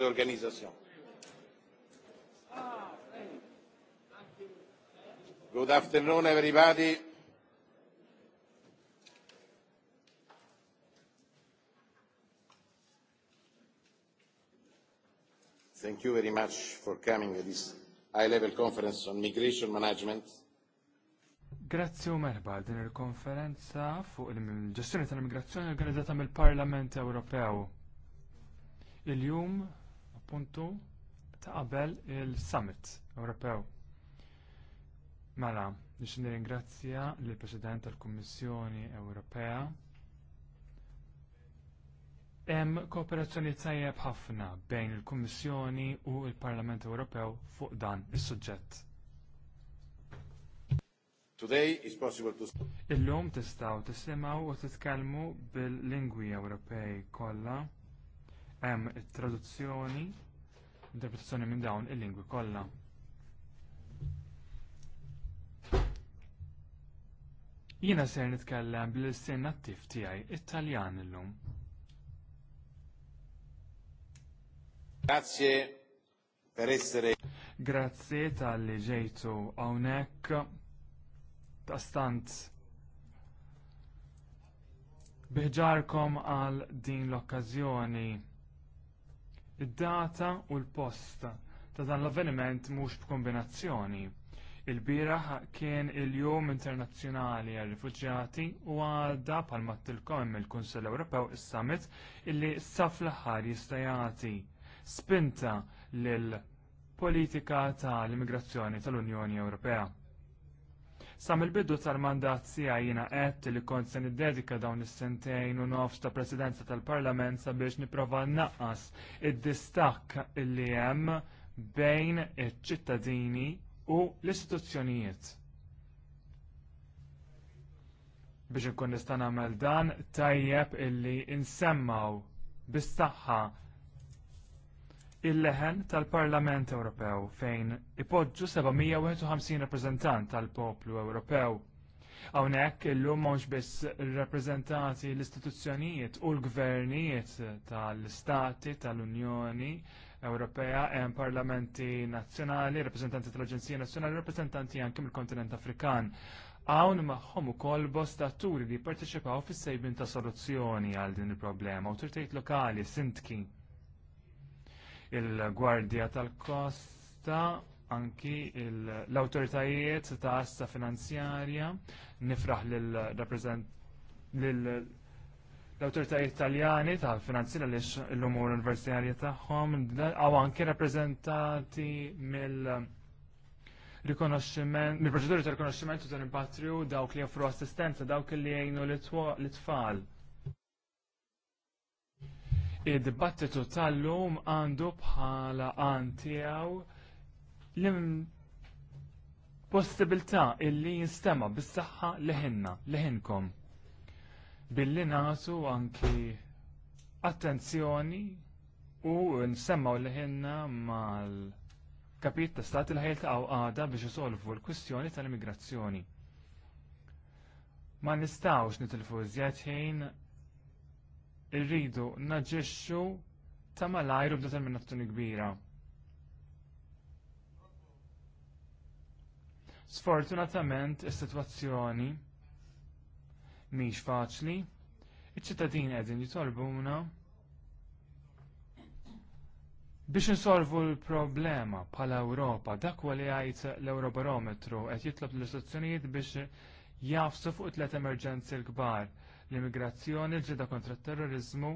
l'organizzazzjoni. Good afternoon everybody. Thank you very much for coming to this high-level conference on migration management. Grazzi u merba din il-konferenza fuq il-ġestjoni tal-immigrazzjoni organizzata mill-Parlament Ewropew. Il-jum puntu ta' qabel il-Summit Ewropew. Mela, biex nirringrazzja lill president tal-Kummissjoni Ewropea Hemm kooperazzjoni tajjeb ħafna bejn il-Kummissjoni u l parlament Ewropew fuq dan is-suġġett. Today is possible to Illum tistgħu tisimgħu u titkellmu bil-lingwi Ewropej kollha. Hemm it-traduzzjoni interpretazzjoni minn dawn il-lingwi kollha. Jiena ser nitkellem bil-istin nattiv tiegħi Italjan illum. Grazie per essere. Grazie tal-li ġejtu hawnhekk ta' stant biħġarkom għal din l-okkazjoni id-data u l-post ta' dan l-avveniment mhux b'kombinazzjoni. Il-bieraħ kien il-Jum Internazzjonali għal rifuġjati u għadda bħal mattilkom il-Kunsell Ewropew is-Summit illi saf l-aħħar jistajati spinta lil politika tal-immigrazzjoni tal-Unjoni Ewropea. Sa mill-bidu tal-mandat tiegħi jiena qed li kont se niddedika dawn is-sentejn u nofs ta' Presidenza tal-Parlament sabiex nipprova naqqas id-distakk li hemm bejn iċ-ċittadini u l-istituzzjonijiet. Biex inkun nista' nagħmel dan tajjeb illi insemmaw bis-saħħa il-leħen tal-Parlament Ewropew fejn ipoġġu 751 rappreżentant tal-poplu Ewropew. Hawnhekk illum mhux biss rappreżentati l-istituzzjonijiet u l-gvernijiet tal-istati tal-Unjoni Ewropea hemm parlamenti nazzjonali, rappreżentanti tal-Aġenzija Nazzjonali, rappreżentanti anke mill-kontinent Afrikan. Hawn magħhom ukoll bosta atturi li jipparteċipaw fis-sejbin ta' soluzzjoni għal din il-problema, u awtoritajiet lokali, sindki, il-Gwardja tal-Kosta, anki l-autoritajiet ta' assa finanzjarja, nifraħ l-autoritajiet italjani ta' finanzjarja li l-umur universitarja tagħhom, għaw anki rappresentati mill- rikonoxximent, mill-proċeduri ta' rikonoxximent u dan impatriju dawk li jaffru assistenza, dawk li jgħinu l-tfal id-dibattitu tal-lum għandu bħala għan tiegħu l-possibilità illi jinstema bis-saħħa leħinna, leħinkom. Billi nasu anki attenzjoni u nsemmaw leħinna mal kapit ta' stati li ħajltaqgħu għada biex isolvu l-kwistjoni tal-immigrazzjoni. Ma nistawx nitilfu iżjed ħin irridu naġixxu ta' malajru b'determinazzjoni kbira. Sfortunatament is-sitwazzjoni mhix faċli, iċ-ċittadini qegħdin jitolbuna biex insolvu l-problema bħala Ewropa, dak huwa li jgħid l-Eurobarometru qed jitlob l-istituzzjonijiet biex jafsu fuq tliet emerġenzi l-kbar l-immigrazzjoni, l-ġida kontra t terrorizmu,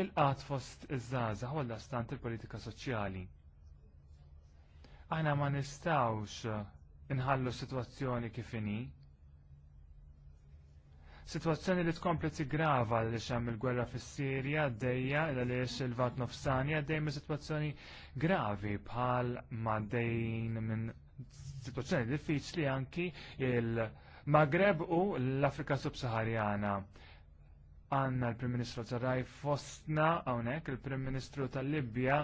il-qat fost iż-żaza l astant il-politika soċjali. Aħna ma nistawx inħallu situazzjoni kifini. Situazzjoni li tkompli grava li xem il-gwerra fis-Sirja għaddejja li il-vat nofsani għaddej minn situazzjoni gravi bħal ma dejn minn situazzjoni diffiċli anki il- Maghreb u l-Afrika Subsaharjana. Għanna l-Prim Ministru Zaraj fostna għonek, il-Prim Ministru tal-Libja,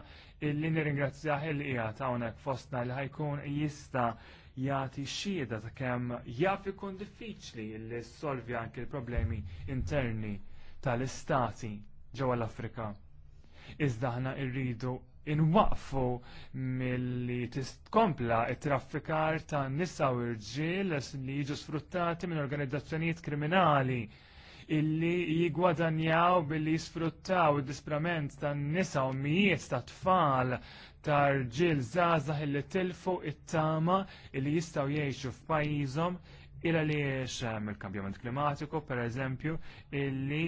illi nirringrazzjaħ il-qijat għonek fostna li ħajkun jista jati xieda ta' kem jaf ikun diffiċli li solvi anke l-problemi interni tal-istati ġewwa l-Afrika. Iżda ħna rridu inwaqfu milli tistkompla it-traffikar ta' nisa u rġiel li jiġu sfruttati minn organizzazzjonijiet kriminali illi jigwadanjaw billi jisfruttaw id-disprament ta' nisa u mijiet ta' tfal ta' rġiel zazah illi tilfu it-tama illi jistaw jiexu f'pajjiżhom illa li xem eh, il-kambjament klimatiku, per eżempju, illi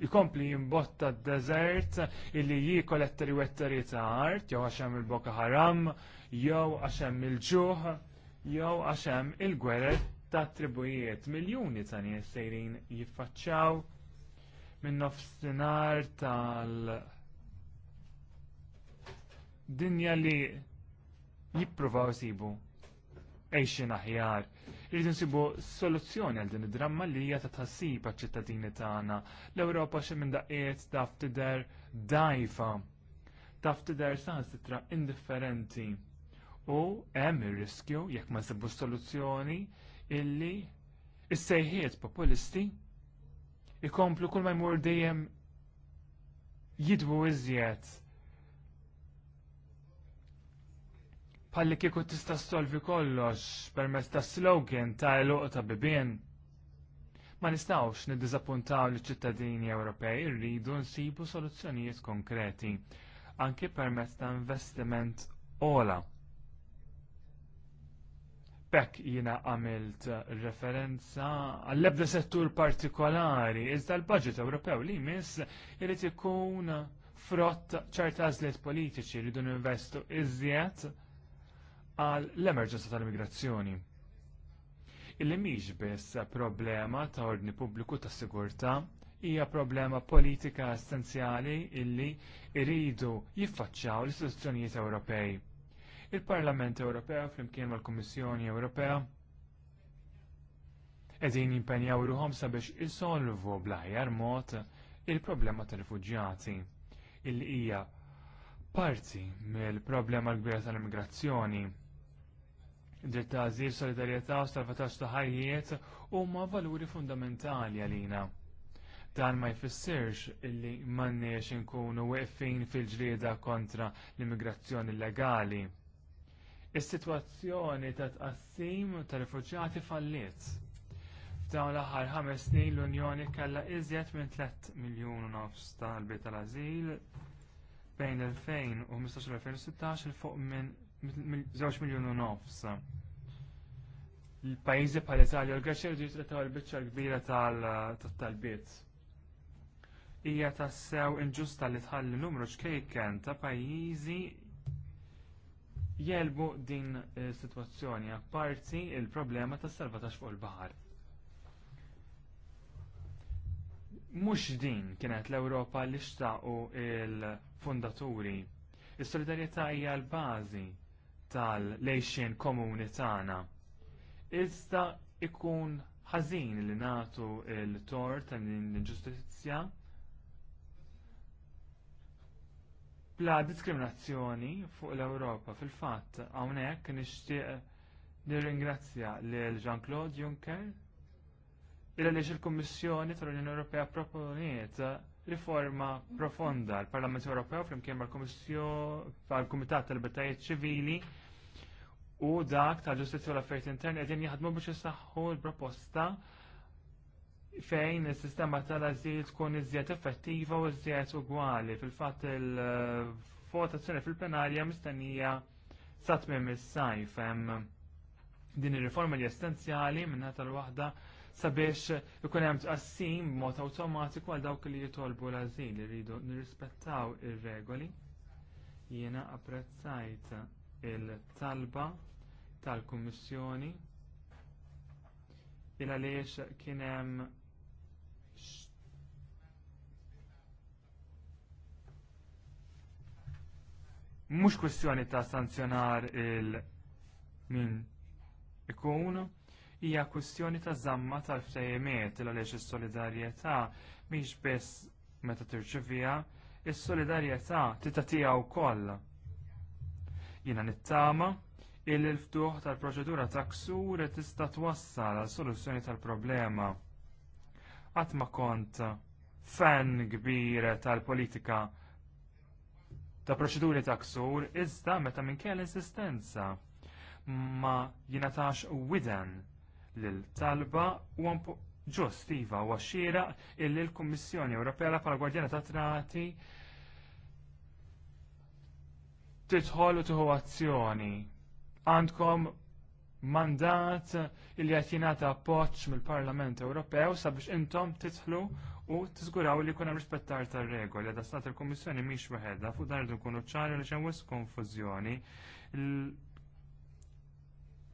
ikompli jimbotta d-desert illi jikol ettari ta' art, jew għaxem il-Boka Haram, jew għaxem il-ġuħ, jew għaxem il-gwerer ta' tribujiet. Miljoni ta' nies sejrin jiffaċċaw minn nofsinar tal dinja li jippruvaw sibu għejxin aħjar. Irridu nsibu soluzzjoni għal din id-dramma li hija ta' tħassib għaċ-ċittadini tagħna. L-Ewropa xi minn daqiet taf tidher dajfa, taf tidher saħsitra indifferenti. U hemm ir-riskju jekk ma nsibu soluzzjoni illi is-sejħiet populisti ikomplu kull ma jmur dejjem jidbu iżjed palli kieku tista' solvi kollox permezz ta' slogan ta' eluq ta' bibien. Ma nistawx niddiżappuntaw li ċittadini Ewropej irridu nsibu soluzzjonijiet konkreti, anki permezz ta' investiment ola. Bekk jina għamilt referenza għall-ebda settur partikolari, iżda l-budget Ewropew li jmiss irrid ikun frott ċerta politiċi li dun investu iżjed għal l-emerġenza tal-immigrazzjoni. Illi mhix biss problema ta' ordni pubbliku ta' sigurtà hija problema politika essenzjali illi iridu jiffaċċaw l-istituzzjonijiet Ewropej. Il-Parlament Ewropew flimkien mal-Kummissjoni Ewropea qegħdin jimpenjaw ruħom sabiex isolvu bl-aħjar mod il-problema tal-rifuġjati illi hija parti mill-problema l gbira tal-immigrazzjoni dritt ta' azil, solidarjetà u salvataġġ ta' ħajjiet huma valuri fundamentali għalina. Dan ma jfissirx illi m'għandniex inkunu weqfin fil ġrieda kontra l-immigrazzjoni illegali. Is-sitwazzjoni ta' tqassim tal-rifuġjati falliet. F'dawn l-aħħar ħames snin l-Unjoni kellha iżjed minn 3 miljun nofs talbi tal-ażil bejn il-fejn u 15 2016 il fuq minn żewġ miljun u nofs. Il-pajjiżi bħal Italja u l-Greċja jridu jitrattaw il bicċa kbira tal-talbiet. Hija tassew inġusta li tħalli numru xkejken ta' pajjiżi jelbu din is-sitwazzjoni eh, apparti l problema tas salvataġġ fuq il-baħar. Mhux din kienet l-Ewropa li xtaqu il-fundaturi. Is-solidarjetà hija l-bażi tal-lejxin komuni tagħna. Iżda ikun ħażin li nagħtu l tor tal l-ġustizzja bla diskriminazzjoni fuq l-Ewropa fil-fatt hawnhekk nixtieq nirringrazzja lil Jean-Claude Juncker il-għaliex il-Kummissjoni tal-Unjoni Ewropea proponiet riforma profonda. l parlament Ewropew flimkien mal-Kumitat tal-Libertajiet Ċivili u dak tal-ġustizja u l-affarijiet intern qegħdin jaħdmu biex isaħħu l-proposta fejn is-sistema tal-azil tkun iżjed effettiva u iżjed ugwali. Fil-fatt il-votazzjoni fil-plenarja mistennija sa tmiem is-sajf hemm din ir-riforma li essenzjali minna tal-waħda sabiex ikun hemm tqassim b'mod awtomatiku għal dawk li jitolbu l-azil iridu nirrispettaw ir-regoli. Jiena apprezzajt il-talba tal-Kummissjoni il għaliex kien hemm mhux kwestjoni ta' sanzjonar il min ikun hija kwestjoni ta' zamma tal-ftejjemiet il għaliex is-solidarjetà mhix biss meta tirċivija, is-solidarjetà tita' tiegħu wkoll. Jiena nittama' il-ftuħ tal-proċedura ta' ksur tista' twassal għal soluzzjoni tal-problema. Qatt ma kont fan kbir tal-politika ta' proċeduri ta' ksur iżda meta minkejja l-insistenza ma jingħatax widen lil talba u ġust iva u għaxxira illi l-Kummissjoni Ewropea bħala Gwardjana ta' Trati titħol u tieħu azzjoni għandkom mandat il jingħata appoġġ mill-Parlament Ewropew sabiex intom titħlu u tiżguraw li jkun hemm rispettar tar-regoli da stat il-Kummissjoni mhix waħedha fuq dan irdu kunu ċari li xemm wisq konfużjoni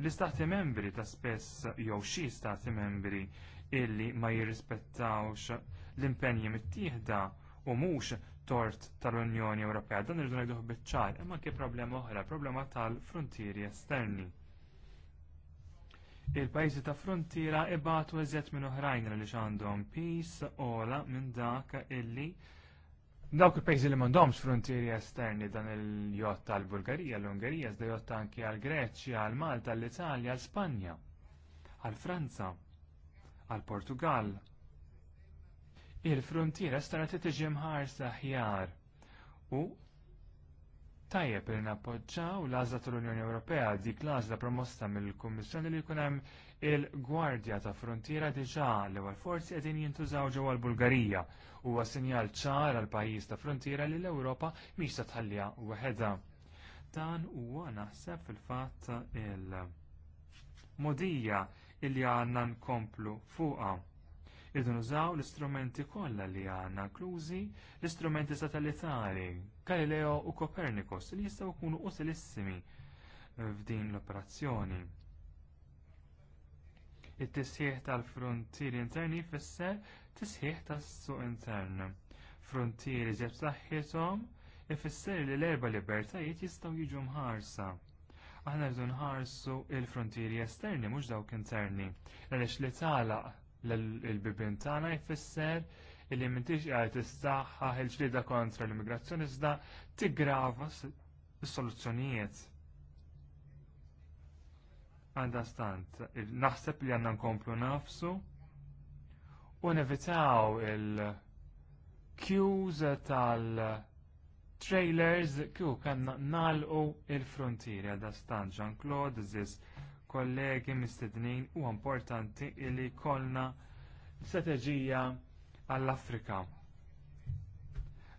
l-istati membri ta' spess jew xi stati membri illi ma jirrispettawx l-impenji mit-tieħda u mhux tort tal-Unjoni Ewropea. Dan irridu ngħiduh biċ-ċar, imma anke problema oħra, problema tal-frontieri esterni. Il-pajjiżi ta' frontiera ibatu eżett minn oħrajn li għandhom peace ola minn dak illi Dawk il-pajzi li m'għandhomx frontieri esterni dan il-jotta tal bulgarija l-Ungerija, zda jotta anki għall greċja għall malta l-Italja, għall spanja għall franza għall portugal il-frontiera stara titiġi mħarsa ħjar u tajjeb li nappoġġaw l-għażla tal-Unjoni Ewropea dik l-għażla promosta mill-Kummissjoni li jkun hemm il-Gwardja ta' Frontiera diġà li għal forsi qegħdin jintużaw ġewwa l-Bulgarija huwa sinjal ċar għal pajjiż ta' frontiera li l-Ewropa mhix se tħallija weħedha. Dan huwa naħseb fil-fatt il-modija illi għandna nkomplu fuqha. Irridu nużaw l-istrumenti kollha li għandna inklużi l-istrumenti satellitari, Galileo u Copernicus li jistgħu jkunu utilissimi f'din l-operazzjoni. It-tisħiħ tal-frontieri interni jfisser tisħiħ tas-suq intern. Frontieri ġeb saħħithom ifisser li l-erba' libertajiet jistgħu jiġu mħarsa aħna rridu nħarsu il frontieri esterni mhux dawk interni għaliex li talaq l-bibin tagħna jfisser illi m'intix qed tistaħħaħ il-ġlieda kontra l-immigrazzjoni iżda tiggrava s-soluzzjonijiet. Għandha stant, naħseb li għandna nkomplu nafsu u nevitaw il-cues tal-trailers kieku kanna nalqu il-frontieri għadha stant Jean-Claude, ziz kollegi mistednin huwa importanti li jkollna strateġija għall-Afrika.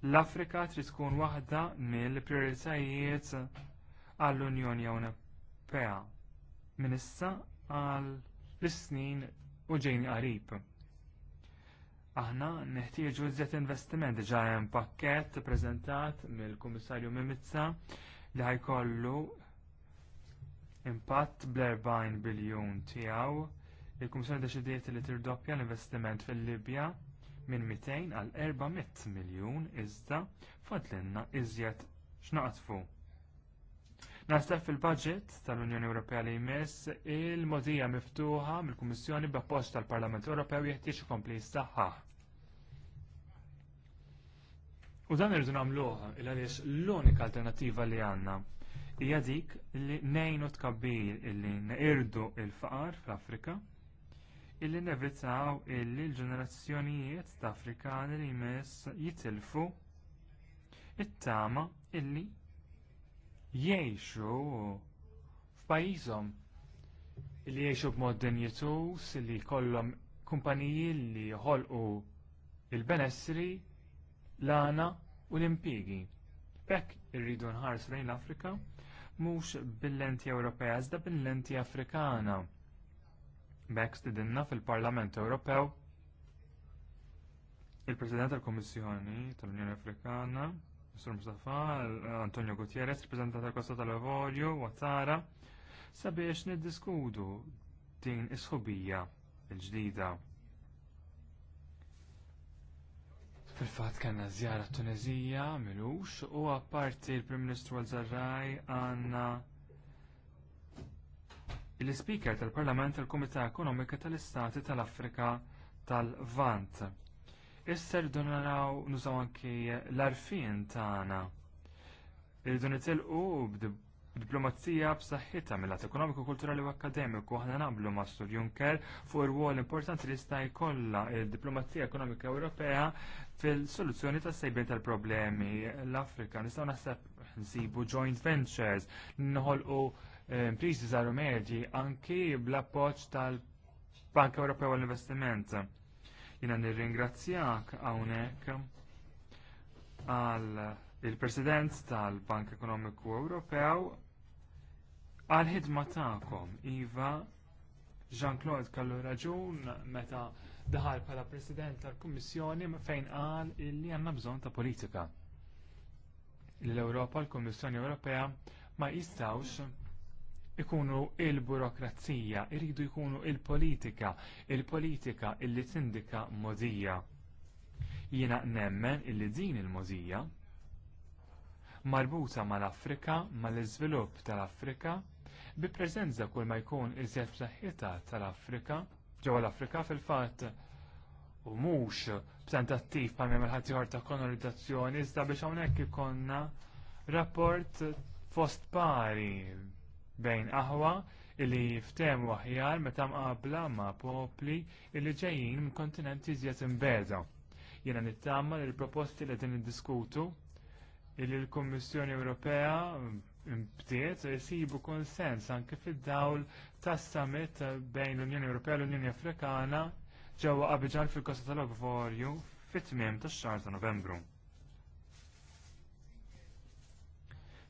L-Afrika trid tkun waħda mill-prioritajiet għall-Unjoni Ewropea minn issa għal l-snin u ġejn qarib. Aħna neħtieġu żjed investiment ġa hemm pakkett mill-Kummissarju Mimizza li ħajkollu impatt bl-40 biljun tiegħu. Il-Kummissjoni deċidiet li tirdoppja l-investiment fil-Libja minn 200 għal 400 miljun iżda fadlinna iżjed x'naqtfu. Nastaf fil-budget tal-Unjoni Ewropea li jmiss il-modija miftuħa mill-Kummissjoni b'appoġġ tal-Parlament Ewropew jeħtieġ ikompli jistaħħaħ. U dan irridu nagħmluh il għaliex l-unika alternattiva li għandna hija dik li nejnu tkabbir illi neqirdu l faqar fl-Afrika illi nevitaw illi l-ġenerazzjonijiet ta' Afrikani li jmiss jitilfu it-tama illi jgħixu f'pajjiżhom illi jgħixu b'mod dinjitus illi jkollhom kumpaniji li jħolqu il-benessri l-għana u l-impigi. Bekk irridu nħarsu lejn l-Afrika mhux bil-lenti Ewropea iżda bil-lenti Afrikana. B'hekk stidinna fil-Parlament Ewropew il-President tal kummissjoni tal-Unjoni Afrikana, Mr. Mustafa, Antonio Gutierrez, il-President tal-Kosta tal-Evolju, Wattara, sabiex niddiskudu din is-sħubija il ġdida Fil-fat kanna zjara Tunezija, Milux, u apparti il-Prim Ministru għal-Zarraj għanna il-Speaker tal-Parlament tal komita Ekonomika tal-Istati tal-Afrika tal-Vant. Isser irridu naraw nużaw anki l-arfin tagħna. u nitilqu Diplomazija b'saħħitha mill-att ekonomiku, kulturali u akademiku aħna nagħmlu ma' Sur Juncker fuq ir-rwol importanti li sta' jkollha diplomazija ekonomika Ewropea fil-soluzzjoni tas sejbien tal-problemi l-Afrika. Nistgħu naħseb nsibu joint ventures, nħolqu eh, impriżi żaru medji anki bl-appoġġ tal-Bank Ewropew għall-Investiment. Jiena nirringrazzjak hawnhekk għal il-President tal-Bank Ekonomiku Ewropew għal-ħidma tagħkom, Iva, Jean-Claude kellu raġun meta daħal bħala President tal-Kummissjoni fejn qal illi għandna bżonn ta' politika. L-Ewropa, l-Kummissjoni Ewropea ma jistawx ikunu il-burokrazija, iridu jkunu il-politika, il-politika illi tindika modija. Jiena nemmen illi din il-modija marbuta mal-Afrika, mal-iżvilupp tal-Afrika, bi preżenza kull ma jkun iżjed fl-ħita tal-Afrika, ġewwa l-Afrika fil-fatt u mhux attiv bħal ħadd ieħor ta' konolidazzjoni iżda biex hawnhekk ikonna rapport fost pari bejn aħwa illi ftehmu aħjar meta mqabbla ma' popli illi ġejjin minn kontinenti iżjed imbeda. Jiena nittama li l-proposti li din niddiskutu illi l-Kummissjoni Ewropea imbdiet jisibu konsens anke fid-dawl tas summit bejn l-Unjoni Ewropea u l-Unjoni Afrikana ġewwa Abidjan fil-Kosta tal-Obvorju fit-tmiem tax-xahar ta' Novembru.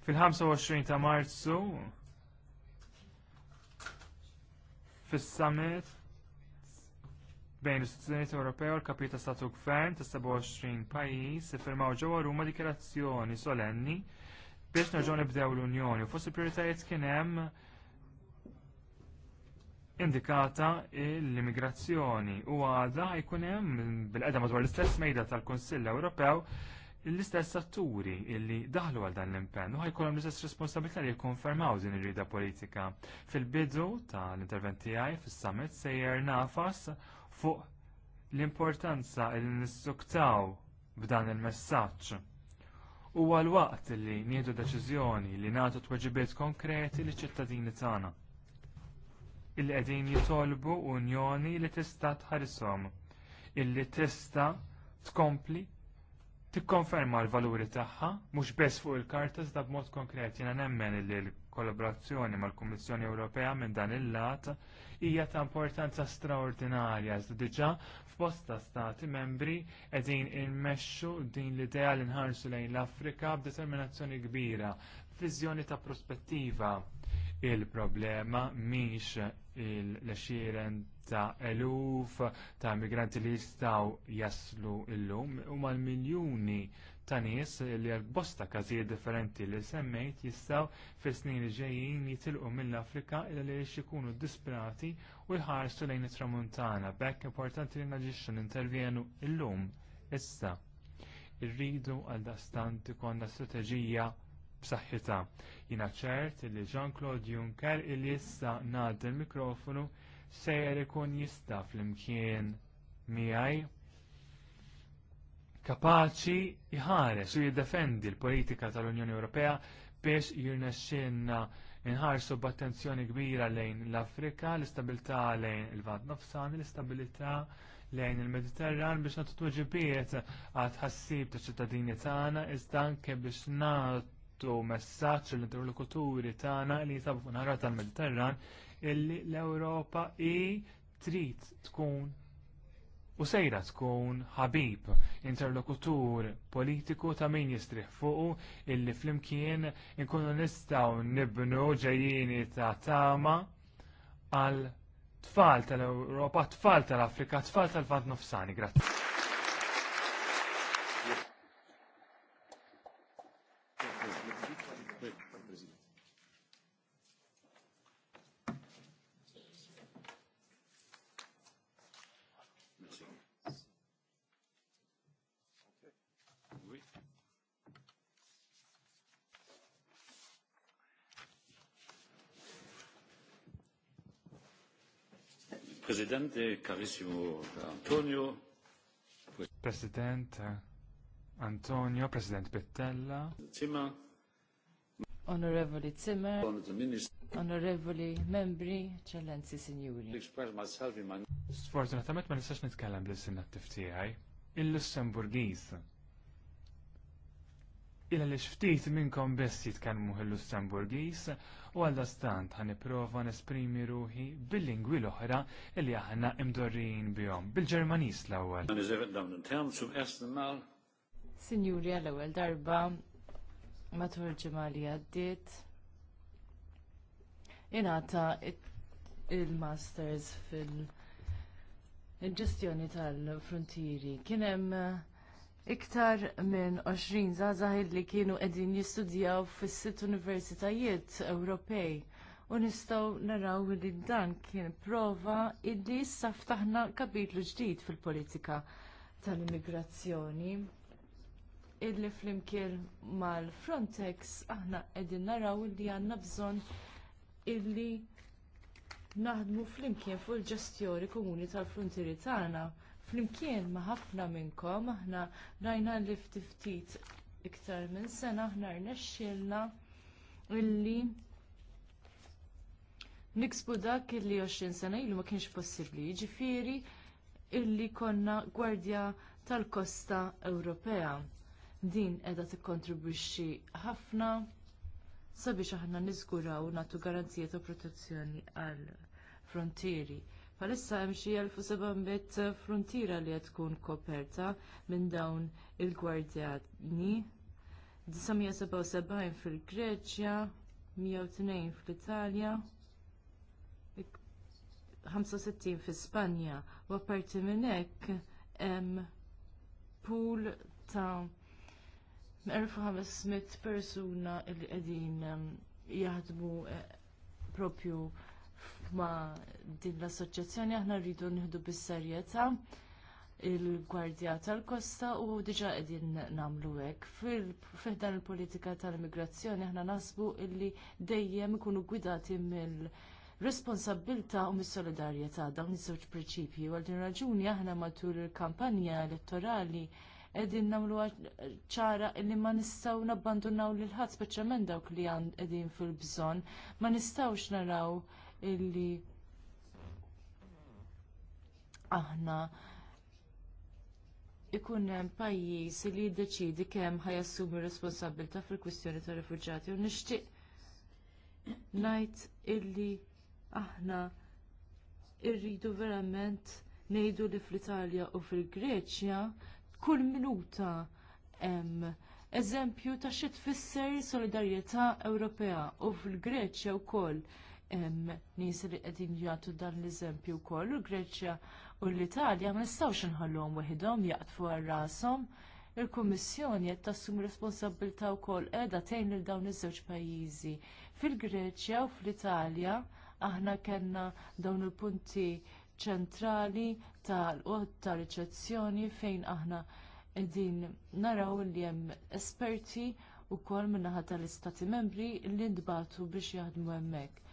Fil-25 ta' Marzu fis-summit bejn l-istituzzjonijiet Ewropew u l-Kapita Statu Gvern ta' 27 pajjiż iffirmaw ġewwa Ruma dikjarazzjoni solenni biex nerġgħu nibdew l-Unjoni. Fost il-prioritajiet kien hemm indikata l-immigrazzjoni u għada jkun hemm bil qedem madwar l-istess mejda tal-Kunsill Ewropew l-istess atturi illi daħlu għal dan l-impenn u ħajkollhom l-istess responsabilità li jikkonfermaw din ir-rida politika. Fil-bidu tal-intervent tiegħi fis-summit sejjer nafas fuq l-importanza li nissuktaw b'dan il-messaġġ u għal-waqt li nieħdu deċiżjoni li nagħtu tweġibiet konkreti li ċittadini tagħna. Illi qegħdin jitolbu unjoni li tista' tħarishom, illi tista' tkompli tikkonferma l-valuri tagħha mhux biss fuq il-karta iżda b'mod konkret jiena nemmen illi l kollaborazzjoni mal-Kummissjoni Ewropea minn dan il-lat hija ta' importanza straordinarja iżda diġà f'bosta stati membri qegħdin immexxu din l-idea li nħarsu lejn l-Afrika b'determinazzjoni kbira, viżjoni ta' prospettiva. Il-problema mhix il-lexieren ta' eluf ta' migranti li jistgħu jaslu illum huma l-miljuni ta' nies li għal bosta każijiet differenti li semmejt jistgħu fis-snin li ġejjin jitilqu mill-Afrika illa li ikunu disperati u jħarsu lejn it-tramuntana b'hekk importanti li naġixxu nintervjenu llum issa. Irridu għal dastant ikollna strateġija b'saħħitha. Jiena ċert li Jean-Claude Juncker illi issa ngħaddi l-mikrofonu sejjer ikun jista' flimkien miegħi kapaċi jħares u jiddefendi l-politika tal-Unjoni Ewropea biex jirnexxinna inħarsu b'attenzjoni kbira lejn l-Afrika, l-istabilità lejn il vat Nofsani, l-istabilità lejn il-Mediterran biex nagħtu tweġibiet għad ħassib ta' ċittadini tagħna iżda anke biex nagħtu messaġġ l-interlokuturi tagħna li jisabu fuq tal-Mediterran illi l-Ewropa hi trid tkun u sejra tkun ħabib, interlokutur politiku ta' min jistriħ fuqu illi flimkien inkunu nistaw nibnu ġejjini ta' tama għal tfal tal-Europa, tfal tal-Afrika, tfal tal-Fat Nofsani. Grazie. Presidente, carissimo Antonio. President Antonio, President Pittella. Zimmer. Onorevoli Zimmer. Onorevoli membri, eccellenzi signori. Sfortunatament ma nistax nitkellem bl-sinna t-tiftijaj. Il-Lussemburgiz illa li ftit minnkom biss jitkellmu il-Lussemburgis u għal stant ħan iprofa nesprimi ruħi bil-lingwi l-oħra li aħna imdorrin bihom bil-Ġermanis l-ewwel. Sinjuri għal ewwel darba matul ġimgħa li għaddiet ingħata il-masters fil-ġestjoni tal-frontieri kien hemm Iktar minn 20 zazah li kienu edin jistudjaw fis sitt universitajiet Ewropej u nistgħu naraw li dan kien prova illi issa ftaħna kapitlu ġdid fil-politika tal-immigrazzjoni illi flimkien mal-Frontex aħna qegħdin naraw li għandna bżonn illi naħdmu flimkien fuq il-ġestjoni komuni tal-frontieri tagħna. Flimkien ma' ħafna minnkom aħna rajna li ftit iktar minn sena aħna rnexxielna illi niksbu dak illi 20 sena ilu ma kienx possibbli, jiġifieri illi konna gwardja tal-kosta Ewropea. Din qiegħda tikkontribwixxi ħafna sabiex aħna niżguraw nagħtu garanzija ta' protezzjoni għall frontieri. Palissa hemm xi 1700 frontiera li qed tkun koperta minn dawn il-gwardjani. 977 fil-Greċja, 102 fl-Italja, 65 fil Spanja u apparti minn hekk hemm pool ta' 1500 persuna li qegħdin ehm, jaħdmu eh, propju ma' din l-assoċjazzjoni aħna rridu nieħdu bis-serjetà il-Gwardja tal-Kosta u diġa qegħdin nagħmlu hekk. Fiħdan il-politika tal-immigrazzjoni aħna nasbu illi dejjem ikunu gwidati mill- responsabilta u mis-solidarjetà dawn iż-żewġ prinċipji għal din raġuni aħna matul il-kampanja elettorali qegħdin nagħmlu ċara li ma nistgħu nabbandunaw lil ħadd speċjalment dawk li qegħdin fil-bżonn, ma nistgħux naraw illi aħna ikun hemm pajjiż li jiddeċiedi kemm ħajassumi r-responsabbilta fil-kwistjoni tar rifuġjati u nixtieq ngħid illi aħna rridu verament ngħidu li fl-Italja u fil-Greċja kull minuta hemm eżempju ta' xi tfisser solidarjetà Ewropea u fil-Greċja wkoll nies li qegħdin jagħtu dan l-eżempju wkoll u Greċja u l-Italja ma nistgħux inħallhom waħedhom jaqtfu għal rashom. Il-Kummissjoni qed tassum responsabilità wkoll qiegħda tgħin lil dawn iż-żewġ pajjiżi. Fil-Greċja u fl-Italja aħna kellna dawn il-punti ċentrali tal-qod ta' riċezzjoni fejn aħna qegħdin naraw li hemm esperti wkoll min-naħa tal-istati membri li ntbagħtu biex jaħdmu hemmhekk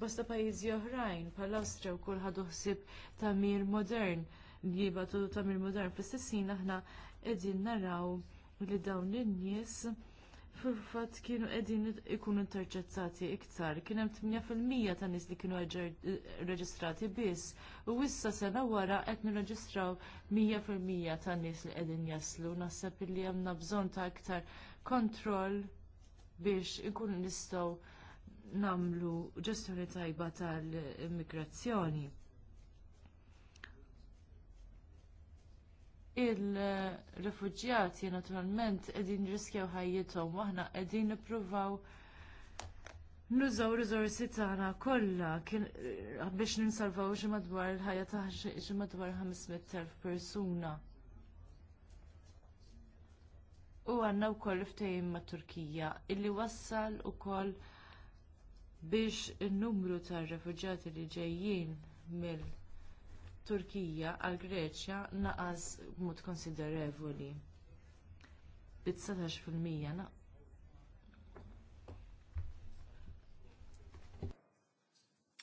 bosta pajjiżi oħrajn, pal-Austria u kulħadd ta' tamir modern, li ta' tamir modern, fl-istessin aħna qegħdin naraw li dawn in-nies fil-fatt kienu qegħdin ikunu interċettati iktar. Kien hemm 8% ta' nies li kienu reġistrati biss u issa sena wara qed nirreġistraw 100% ta' nies li qegħdin jaslu. Naħseb li għandna bżonn ta' iktar kontroll biex ikunu nistgħu namlu ġestjoni tajba tal-immigrazzjoni. Il-refugġjati naturalment qegħdin jirriskjaw ħajjithom aħna qegħdin nippruvaw Nużaw rizorsi tagħna kollha biex ninsalvaw xi madwar il-ħajja ta' xi madwar 500,000 persuna. U għandna wkoll ftehim mat Turkija illi wassal ukoll biex in-numru ta' refuġjati li ġejjin mill-Turkija għall Greċja naqas mod konsiderevoli. Bi 19% na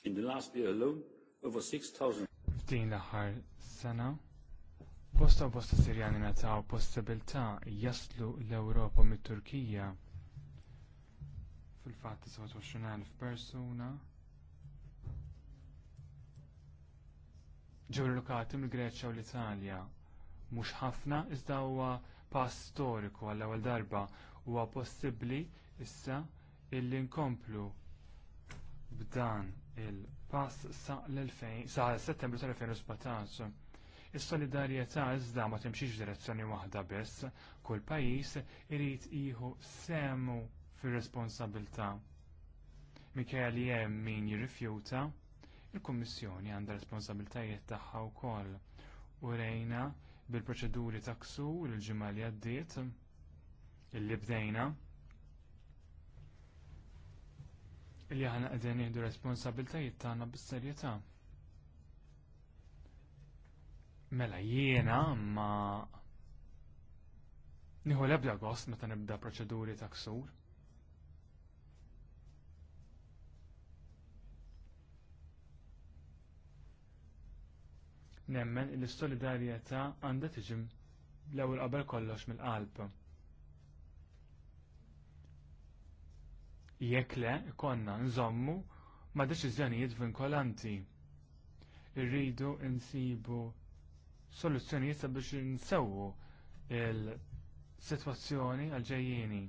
In the last year alone, over 6,000. F'din l-aħħar sena, bosta bosta Sirjani meta possibilità jaslu l-Ewropa mit-Turkija fil-fatt 29,000 persuna ġew relokati mill-Greċja u l-Italja. Mhux ħafna iżda huwa pass storiku għall-ewwel darba huwa possibbli issa illi nkomplu b'dan il-pass sa' settembru tal-2017. Is-solidarjetà iżda ma timxiex f'direzzjoni waħda biss, kull pajjiż irid jieħu semu fir-responsabilità. Mikael hemm min jirrifjuta, il-Kummissjoni għandha responsabiltajiet tagħha wkoll u rejna bil-proċeduri ta' ksur il-ġimgħa li għaddiet illi bdejna illi aħna qegħdin nieħdu responsabiltajiet tagħna bis-serjetà. Mela jiena ma nieħu l-ebda gost meta nibda proċeduri ta' ksur. nemmen li s solidarjetà għandha tiġi l-ewwel qabel kollox mill-qalb. Jekk le konna nżommu ma' deċiżjonijiet vinkolanti. Irridu insibu soluzzjonijiet sabiex nsewwu il-sitwazzjoni għal-ġejjieni.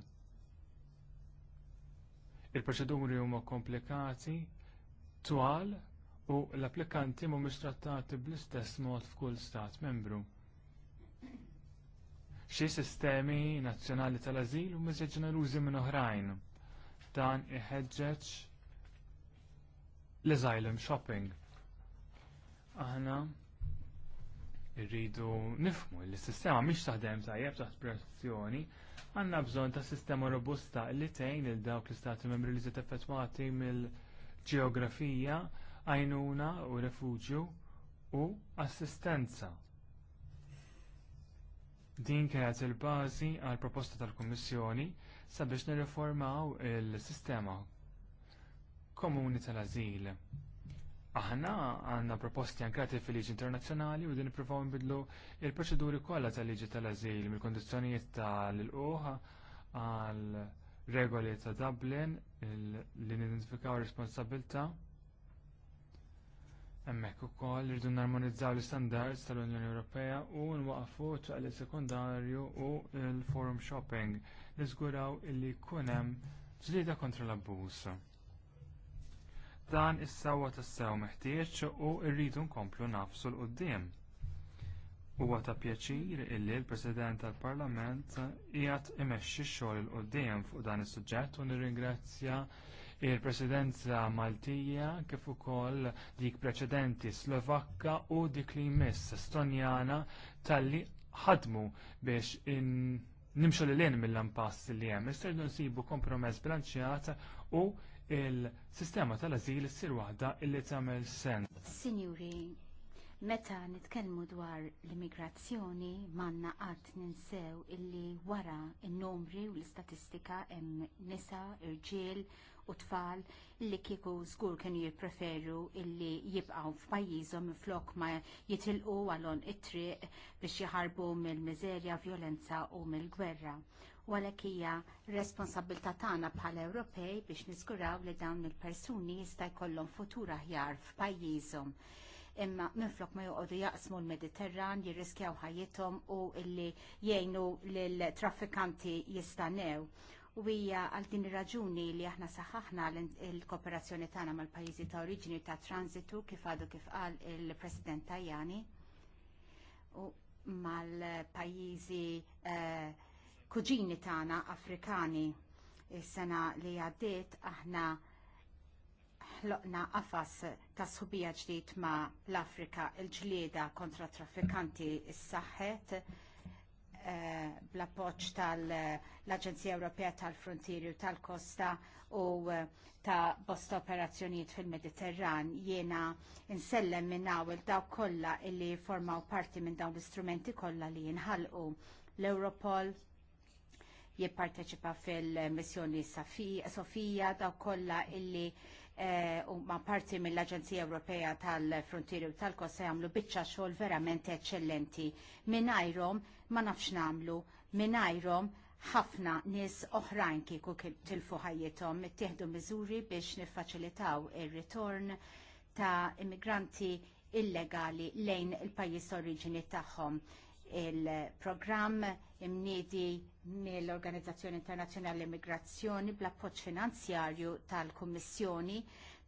Il-proċeduri huma komplikati, twal, u l-applikanti mhumiex trattati bl-istess mod f'kull stat membru. Xi sistemi nazzjonali tal-ażil huma ġenerużi minn oħrajn. Dan iħeġġeġ l-asylum shopping. Aħna irridu nifmu li s-sistema mhix taħdem tajjeb taħt pressjoni, għandna bżonn ta' sistema robusta li tgħin lil dawk l-istati membri li effettwati mill-ġeografija għajnuna u rifuġju u assistenza. Din kienet il-bażi għall proposta tal-Kummissjoni sabiex nirriformaw il-sistema komuni tal-azil. Aħna għandna proposti ankrati fil-liġi internazzjonali u din nippruvaw nbidlu l proċeduri kollha tal-liġi tal-azil mill-kondizzjonijiet tal-uħa għal regoli ta' Dublin li nidentifikaw responsabilta' Hemmhekk ukoll irridu narmonizzaw l-istandards tal-Unjoni Ewropea u nwaqfu ċaqli sekundarju u l-forum shopping li żguraw illi jkun hemm ġlieda kontra l-abbuż. Dan is-sewwa tas-sew meħtieġ u rridu nkomplu nafsu l qudiem Huwa ta' pjaċir illi l-President tal-Parlament qiegħed imexxi x-xogħol il qudiem fuq dan is-suġġett u nirringrazzja il-presidenza Maltija kif ukoll dik preċedenti Slovakka u dik li jmiss Estonjana talli ħadmu biex in nimxu li l-in mill-impass li jem, Istirdu nsibu kompromess bilanċjat u il-sistema tal-azil ssir waħda illi tagħmel sens. Signori, Meta nitkellmu dwar l-immigrazzjoni manna qatt ninsew illi wara n-numri u l-istatistika hemm nisa, irġiel u tfal illi kieku żgur kienu jippreferu illi jibqgħu f'pajjiżhom flok ma jitilqu għalhom it-triq biex jaħarbu mill-miżerja, vjolenza u mill-gwerra. U għalhekk hija responsabilità tagħna bħala Ewropej biex niżguraw li dawn il-persuni jista' jkollhom futur aħjar f'pajjiżhom imma minflok ma joqogħdu jaqsmu l-Mediterran jirriskjaw ħajjithom u illi jgħinu lill-traffikanti jistanew. U hija għal din ir-raġuni li aħna saħaħna l-kooperazzjoni tagħna mal-pajjiżi ta' oriġini ta' transitu kif għadu kif qal il-President Tajani u mal-pajjiżi eh, kuġini tagħna Afrikani. Is-sena li għaddiet aħna ħloqna qafas ta' subija ġdid ma' l-Afrika il-ġlieda kontra traffikanti s-saħħet eh, bl-appoċ tal-Aġenzija Ewropea tal-Frontieri u tal-Kosta u eh, ta' bosta operazzjonijiet fil-Mediterran jiena insellem minn il daw kollha illi formaw parti minn dawn l-istrumenti kollha li jinħalqu l-Europol, jipparteċipa fil-missjoni Sofija, daw kollha illi Eh, u ma parti mill-Aġenzija Ewropea tal-Frontieri u tal kosta se jagħmlu biċċa xogħol verament eċċellenti. Mingħajrhom ma nafx nagħmlu, mingħajrhom ħafna nies oħrajn kieku tilfu ħajjithom ittieħdu miżuri biex niffaċilitaw ir-ritorn ta' immigranti illegali lejn il-pajjiż oriġini tagħhom. Il-programm imniedi mill-Organizzazzjoni Internazzjonali Immigrazzjoni bl-appoġġ finanzjarju tal-Kummissjoni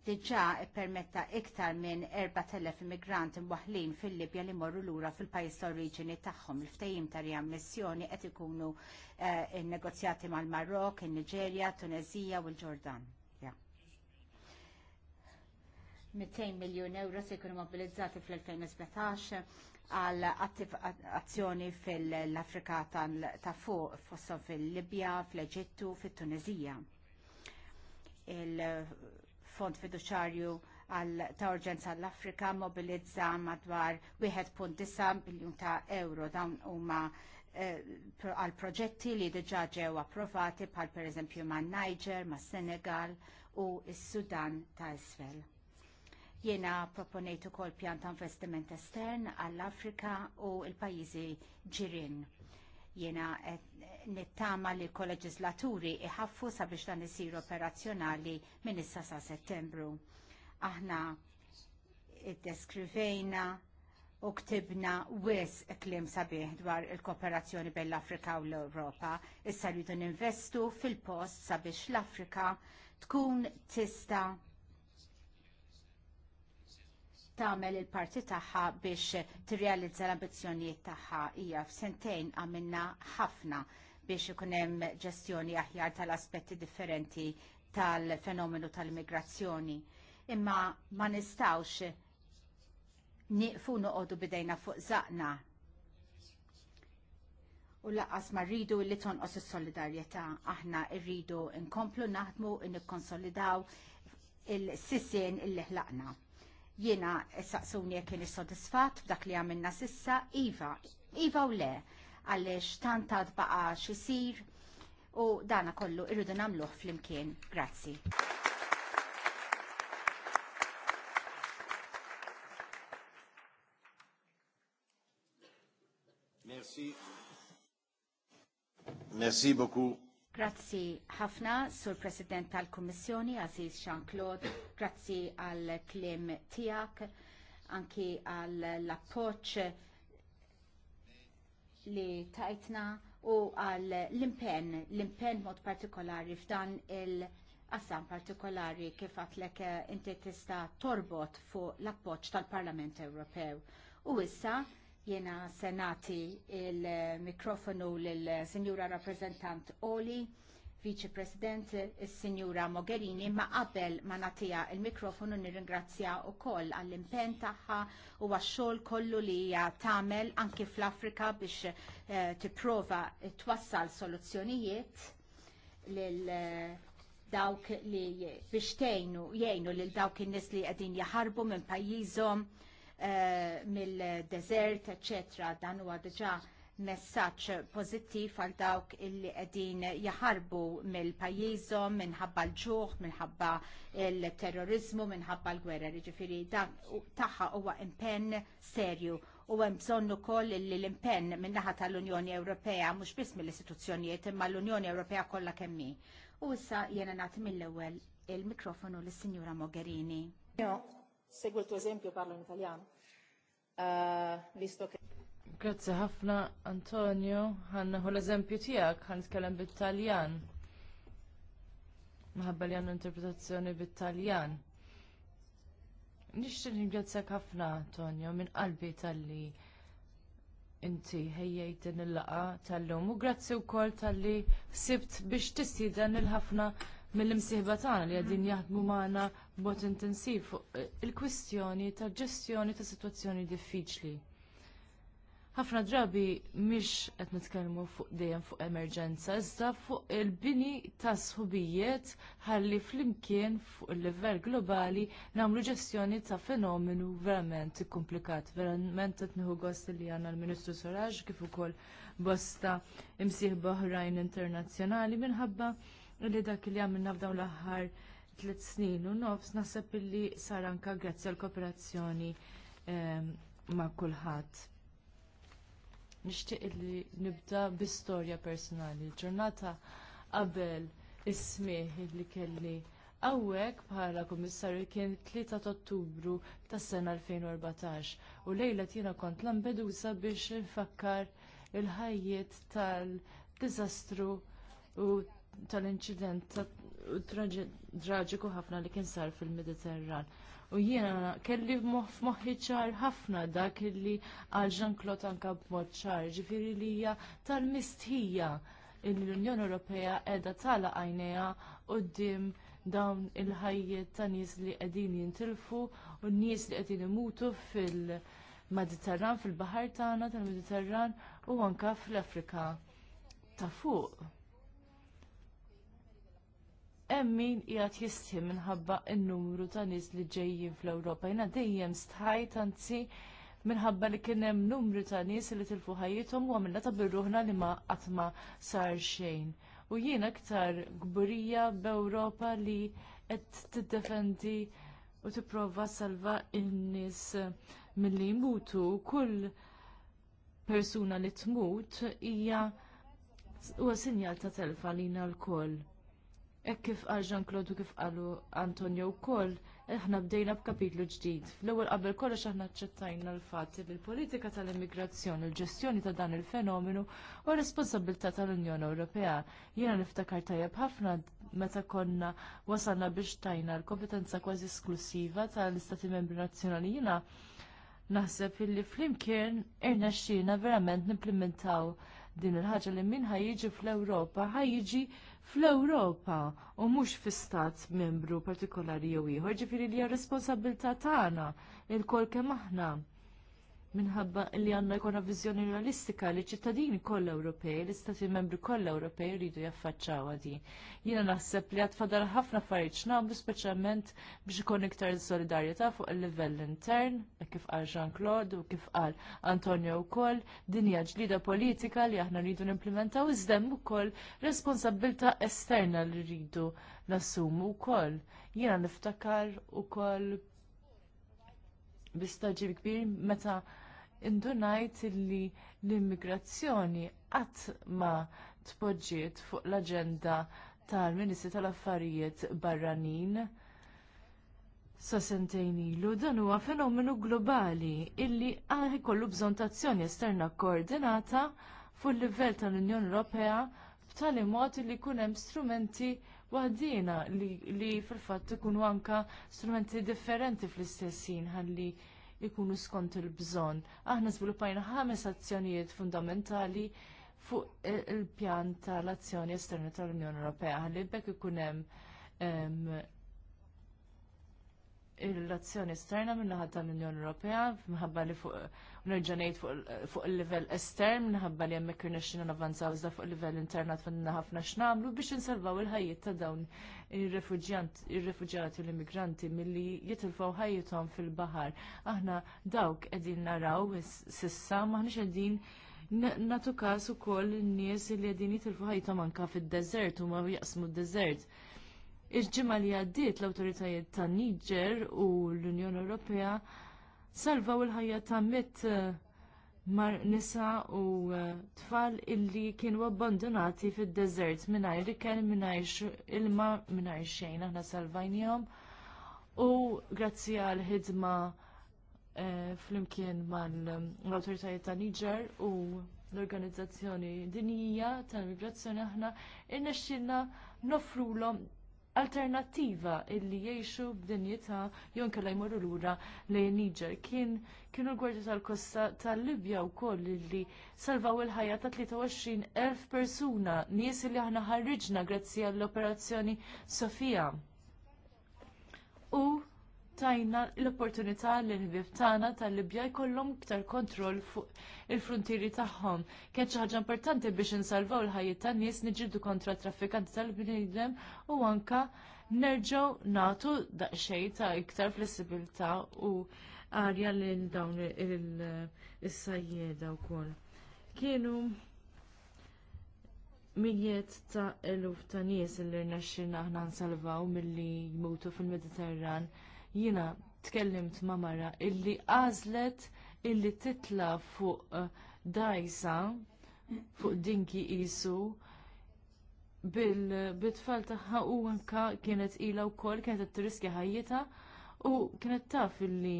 diġà permetta iktar minn 4,000 immigranti imwaħlin fil-Libja li morru lura fil-pajjiż ta' oriġini tagħhom. Il-ftehim ta' riammissjoni qed ikunu eh, nnegozjati negozjati mal-Marok, in-Niġerja, Tunezija u l-Ġordan. 200 miljon euro se jkunu mobilizzati fl-2017 għal azzjoni fil-Afrika ta' fuq, fossom fil-Libja, fil-Eġittu, fil-Tunizija. Il-Fond Fiduċarju għal ta' urġenza l-Afrika mobilizza madwar 1.9 biljun ta' euro dawn huma eh, għal proġetti li diġa ġew approvati bħal pereżempju ma' Niger, ma' Senegal u s-Sudan ta' Isfel Jiena proponejt ukoll pjan ta' investiment estern għall-Afrika u l-pajjiżi ġirien. Jiena nittama li l-kolleġislaturi iħaffu sabiex dan isir operazzjonali minn issa sa' settembru. Aħna iddeskrivejna u ktibna wis klim sabiħ dwar il-kooperazzjoni bejn l-Afrika u l-Europa. Issa rridu ninvestu fil-post sabiex l-Afrika tkun tista' tagħmel il-parti tagħha biex tirrealizza l-ambizzjonijiet tagħha hija f'sentejn għamilna ħafna biex ikun hemm ġestjoni aħjar tal-aspetti differenti tal-fenomenu tal-immigrazzjoni. Imma ma nistawx nieqfu noqogħdu bidejna fuq zaqna u laqqas ma rridu li tonqos is-solidarjetà aħna rridu nkomplu naħdmu u nikkonsolidaw il-sissien illi ħlaqna. Jiena saqsuni jekk kien issodisfatt b'dak li għamilna sissa, iva, iva u le, għaliex tanta għad baqa xisir u dana kollu irridu nagħmluh flimkien. Grazzi. Merci. Merci beaucoup. Grazzi ħafna sur President tal-Kummissjoni Aziz Jean-Claude, grazzi għal klim tijak, anki għal l-appoċ li tajtna u għal l-impen, l-impen mod partikolari f'dan il assam partikolari kif għatlek eh, inti tista torbot fuq l appoġġ tal-Parlament Ewropew. U issa Jena senati il-mikrofonu l senjura Rappresentant Oli, Vice President il-Sinjura Mogherini, ma qabel ma natija il-mikrofonu nirringrazzja u koll għall-impen taħħa u għaxxol kollu li hija tamel anki fl-Afrika biex eh, tipprova twassal soluzzjonijiet lil eh, dawk li biex tejnu jgħinu lil dawk in-nies li qegħdin jaħarbu minn pajjiżhom Eh, mill-desert, etc. dan huwa diġà messaċ pozittiv għal dawk illi qegħdin jaħarbu mill-pajjiżhom minħabba l-ġuħ, minħabba l-terrorizmu, minħabba l-gwerra. Jiġifieri dan tagħha huwa impenn serju u hemm bżonn ukoll li l-impenn min-naħa tal-Unjoni Ewropea mhux biss mill-istituzzjonijiet imma l-Unjoni Ewropea kollha kemm hi. U issa jiena nagħti mill-ewwel il-mikrofonu lis-Sinjura Mogherini. Segwe il tuo esempio, parlo in italiano. Uh, visto che... Grazie ħafna Antonio, ħanna hu l'esempio ti ha, ħan scalam bit Ma Maħabba li għannu interpretazzjoni bit-Taljan. Nixtri ringrazzjak ħafna Antonio, minn qalbi tal-li inti ħejjejt din il laqgħa tal-lum u grazzi wkoll talli sibt biex tistieden il-ħafna mill-imsieħba tagħna li qegħdin jaħdmu magħna b'mod intensiv fuq eh, il-kwistjoni ta' ġestjoni ta' sitwazzjoni diffiċli. Ħafna drabi mhix qed nitkellmu fuq dejjem fuq emerġenza, iżda fuq il-bini ta' sħubijiet ħalli flimkien fuq il-livell globali nagħmlu ġestjoni ta' fenomenu verament komplikat, verament qed nieħu gost li għandna l-Ministru Soraġ kif ukoll bosta imsieħba oħrajn internazzjonali minħabba li dak li għamilna f'dawn l-aħħar tliet snin u nofs naħseb illi sar anke grazzi għall kooperazzjoni ehm, ma' kulħadd. Nixtieq li nibda bi-storja personali. Ġurnata qabel is li kelli Għawek bħala komissarju kien 3 ta' ottubru tas sena 2014 u lejla tina kont l-ambedusa biex nfakkar il-ħajjiet tal-dizastru u tal-inċident traġiku ħafna li kien sar fil-Mediterran. U jiena kelli f'moħħi ċar ħafna dak li għal Jean-Claude anka b'mod ċar, ġifiri li hija tal-mistħija l-Unjoni Ewropea qiegħda tala għajnejha quddiem dawn il-ħajjiet ta' nies li qegħdin jintilfu u n-nies li qegħdin imutu fil-Mediterran, fil-baħar tagħna tal-Mediterran u anke fl-Afrika ta' fuq hemm min qiegħed jistħi minħabba n-numru ta' nies li ġejjin fl-Ewropa. Jiena dejjem stħajt anzi minħabba li kien hemm numru ta' nies li tilfu ħajjithom u għamilna ta' birruħna li ma qatt ma sar xejn. U jien aktar gburija b'Ewropa li qed tiddefendi u tipprova salva n-nies milli jmutu kull persuna li tmut hija huwa sinjal ta' telfa lina l-koll. Ek kif għal Jean-Claude kif qalu Antonio wkoll, e aħna bdejna b'kapitlu ġdid. Fl-ewwel qabel kollox aħna ċċettajna l-fatt li l-politika tal-immigrazzjoni, l-ġestjoni ta' dan il-fenomenu u responsabilità tal-Unjoni Ewropea. Jiena niftakar tajjeb ħafna meta konna wasalna biex tajna l-kompetenza kważi esklusiva tal-Istati Membri Nazzjonali jiena naħseb illi flimkien irna xina verament nimplementaw din il-ħaġa li min ħajjiġi fl-Ewropa ħajjiġi fl-Ewropa u mhux fi stat membru partikolari jew ieħor, ġifieri li hija responsabilità tagħna il-kol kemm aħna minħabba li għandna jkollna viżjoni realistika li ċittadini kollha Ewropej, l-istati membri kollha Ewropej jridu jaffaċċawha din. Jiena naħseb li għad ħafna affarijiet x'nagħmlu speċjalment biex ikun iktar solidarjetà fuq il-livell intern, e kif qal Jean-Claude u kif qal Antonio wkoll, din hija ġlida politika li aħna rridu nimplementaw iżda hemm ukoll responsabbilta esterna li rridu nassumu wkoll. Jiena niftakar ukoll bistaġib kbir meta indunajt li l-immigrazzjoni qatt ma tpoġġiet fuq l aġenda tal-Ministri tal-Affarijiet barranin sa ilu dan huwa fenomenu globali illi għal kollu bżonn ta' azzjoni esterna koordinata fuq il livell tal-Unjoni Ewropea b'tali mod li jkun hemm strumenti waħdina li, li fil-fatt ikunu anka strumenti differenti fl-istessin ħalli ikunu skont il-bżonn. Aħna żviluppajna ħames azzjonijiet fundamentali fuq il-pjan tal-azzjoni esterna tal-Unjoni Ewropea ħalli bekk ikun hemm il-azzjoni esterna min-naħa tal-Unjoni Ewropea minħabba li fuq nerġanajt fuq il-level estern minħabba li hemmhekk irnexxina navanzaw iżda fuq il-level internat fanna ħafna x'namlu biex insalvaw il-ħajjiet ta' dawn ir refugjati u l-immigranti milli jitilfaw ħajjithom fil-baħar. Aħna dawk qegħdin naraw sissa maħniex qegħdin natu każ ukoll in-nies li qegħdin jitilfu ħajjithom anka fid-deżert u ma jaqsmu d-deżert. Il-ġimgħa li għaddiet l-awtoritajiet tan Niger u l-Unjoni Ewropea salvaw il-ħajja ta' mit eh, mar nisa u eh, tfal illi kienu abbandonati fid-deżert mingħajr ikel mingħajr ilma mingħajr xejn aħna salvajnijom u grazzi għal ħidma eh, flimkien mal-autoritajiet ta' Niger u l-organizzazzjoni dinija tal-migrazzjoni aħna irnexxilna nofrulhom alternattiva illi jgħixu b'dinjità jew inkella jmorru lura lejn Niġer Kien kienu l-gwardja tal-kosta tal-Libja wkoll illi salvaw il-ħajja ta' 23,000 persuna, nies li aħna ħarriġna grazzi għall-operazzjoni Sofija. U tajna l-opportunità li l-ħbib tagħna tal-Libja jkollhom iktar kontroll fuq il fruntieri tagħhom. Kien xi ħaġa importanti biex insalvaw il-ħajjiet tan-nies niġġieldu kontra traffikanti tal-bniedem u anke nerġgħu nagħtu daqsxejn ta' iktar flessibilità u arja lil dawn is sajjieda wkoll. Kienu mijiet ta' eluf ta' nies li rnexxin aħna nsalvaw milli jmutu fil-Mediterran Jiena tkellimt ma' mara illi għażlet illi titla fuq eh, dajsa fuq dinki isu bil-bitfall tagħha u anke kienet ilha wkoll kienet t-riski ħajjita u kienet taf illi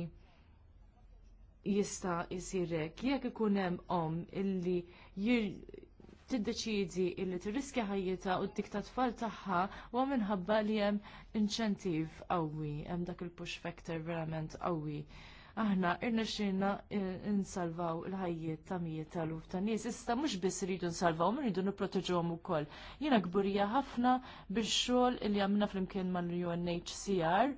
jista jisirek. Jekk ikun hemm om illi tiddeċiedi illi tirriskja ħajjita u ddik ta' tfal tagħha huwa minħabba li hemm inċentiv qawwi, hemm dak il-push factor verament qawwi aħna irnexxina eh, insalvaw il-ħajjiet ta' mijiet tal-uf ta' nies. Issa mhux biss iridu nsalvaw, min iridu nipproteġuhom ukoll. Jiena kburija ħafna bix-xogħol li għamilna flimkien mal-UNHCR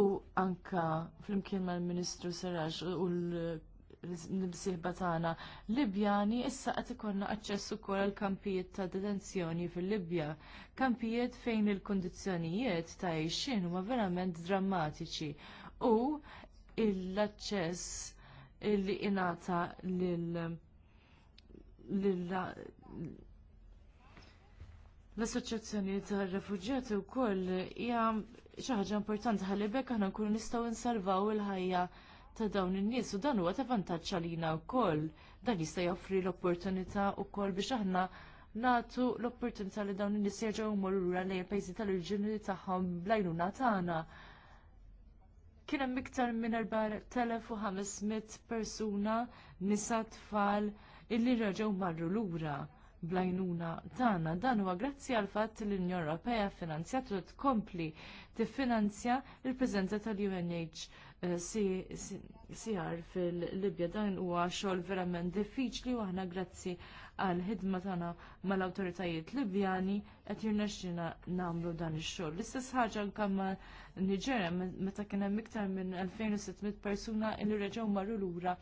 u anka flimkien mal-Ministru Seraġ u l l tagħna Libjani issa qed ikollna aċċess ukoll għal kampijiet ta' detenzjoni fil-Libja, kampijiet fejn il-kundizzjonijiet ta' għixin huma verament drammatiċi u l-aċċess li ingħata lil L-Assoċjazzjoni tar-Refuġjati wkoll hija xi ħaġa importanti ħalli bekk aħna nkunu nistgħu nsalvaw il-ħajja ta' dawn in-nies u dan huwa ta' vantaġġ għalina wkoll. Dan jista' joffri l-opportunità wkoll biex aħna nagħtu l-opportunità li dawn in-nies jerġgħu jmorru lura lejn il-pajjiżi tal-irġini tagħhom bl-għajnuna tagħna. Kien hemm iktar minn 4500 persuna nisa tfal illi reġgħu marru lura blajnuna tagħna dan huwa grazzi għal fatt li l-Unjoni Ewropea finanzjat u tkompli tiffinanzja l preżenza tal-UNH Eh, sijar fil-Libja dan huwa xogħol verament diffiċli u aħna grazzi għal ħidma tagħna mal-awtoritajiet Libjani qed jirnexxina nagħmlu dan ix-xogħol. L-istess ħaġa nkamma Niġerja meta kien hemm iktar minn 2600 persuna li reġgħu marru lura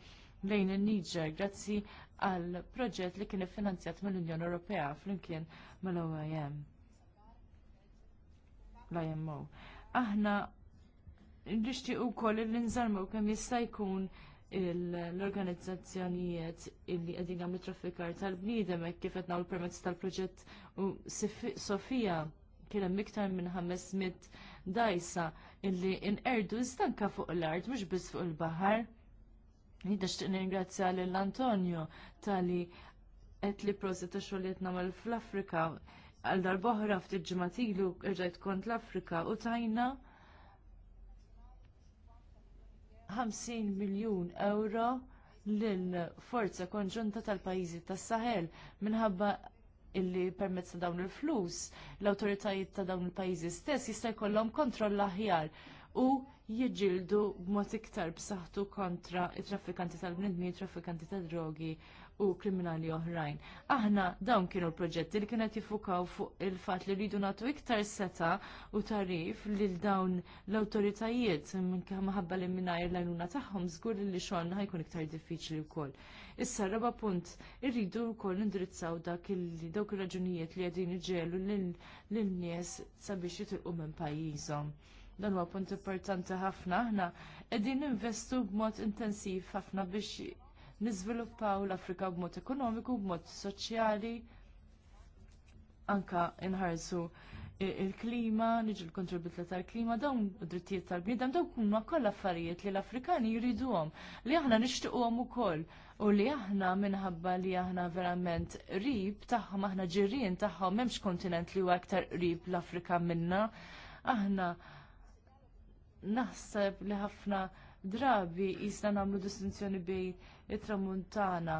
lejn in-Niġer grazzi għal proġett li kien iffinanzjat mill-Unjoni Ewropea flimkien mal-OIM. L-IMO. Aħna nixtieq u li l kemm jista' jkun l-organizzazzjonijiet illi qegħdin għamlu traffikar tal bnidem hekk kif qed nagħmlu permezz tal-proġett u Sofija kien hemm iktar minn 500 dajsa illi nqerdu istanka fuq l-art mhux biss fuq il-baħar. Nidda xtiq ringrazzja lill antonio tali qed li prosi ta' xogħol namal nagħmel fl-Afrika għal darboħra ftit ġematilu ilu rġajt kont l-Afrika u tajna 50 miljun euro lill forza konġunta tal-pajjiżi tas sahel minħabba illi permezz ta' dawn il-flus l-awtoritajiet ta' dawn il-pajjiżi stess jista' jkollhom kontroll aħjar u jiġġieldu b'mod iktar b'saħħtu kontra t traffikanti tal-bnedmin, traffikanti tad drogi u kriminali oħrajn. Aħna dawn kienu l-proġetti li kienet jifukaw fuq il-fat li rridu nagħtu iktar seta u tarif lil dawn l-awtoritajiet minn maħabba li mingħajr l-għajnuna tagħhom żgur li xogħolna ħajkun iktar diffiċli wkoll. Issa raba punt, irridu wkoll indirizzaw dak dawk ir-raġunijiet li qegħdin iġelu lil nies sabiex jitilqu minn pajjiżhom dan huwa punt importanti ħafna aħna qegħdin investu b'mod intensiv ħafna biex niżviluppaw l-Afrika b'mod ekonomiku, b'mod soċjali, anka inħarsu il-klima, niġu l kontribut tal-klima, dawn drittijiet tal bnidem dawn kumma koll affarijiet li l-Afrikani jriduhom, li aħna nixtiequhom ukoll u li aħna minħabba li aħna verament rib tagħhom aħna ġirien tagħhom m'hemmx kontinent li huwa aktar qrib l-Afrika minna. Aħna naħseb li ħafna drabi jisna nagħmlu distinzjoni bejn it-tramuntana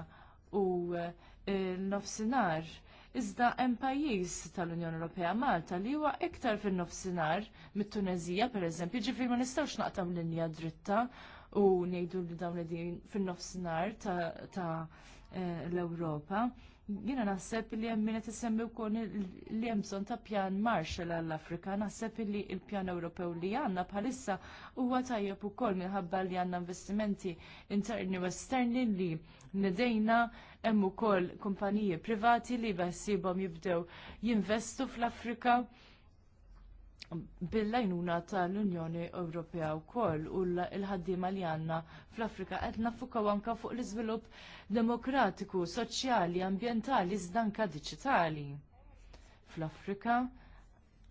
u eh, l-nofsinhar. Iżda hemm pajjiż tal-Unjoni Ewropea Malta li huwa iktar fin-nofsinhar mit-Tunezija pereżempju, ġifieri ma nistgħux naqtam linja dritta u ngħidu li dawn din fin-nofsinhar ta', eh, l-Ewropa. Jiena naħseb li hemm min qed isemmi wkoll li hemm ta' pjan Marshall għall-Afrika, naħseb li l-pjan Ewropew li għandna bħalissa huwa tajjeb ukoll minħabba li għandna investimenti interni u esterni li nedejna hemm ukoll kumpaniji privati li beħsibhom jibdew jinvestu fl-Afrika bil-lajnuna tal-Unjoni Ewropea wkoll u l-ħaddiema li għandna fl-Afrika qed naffukaw anke fuq l iżvilupp demokratiku, soċjali, ambjentali, iżda anke diġitali. Fl-Afrika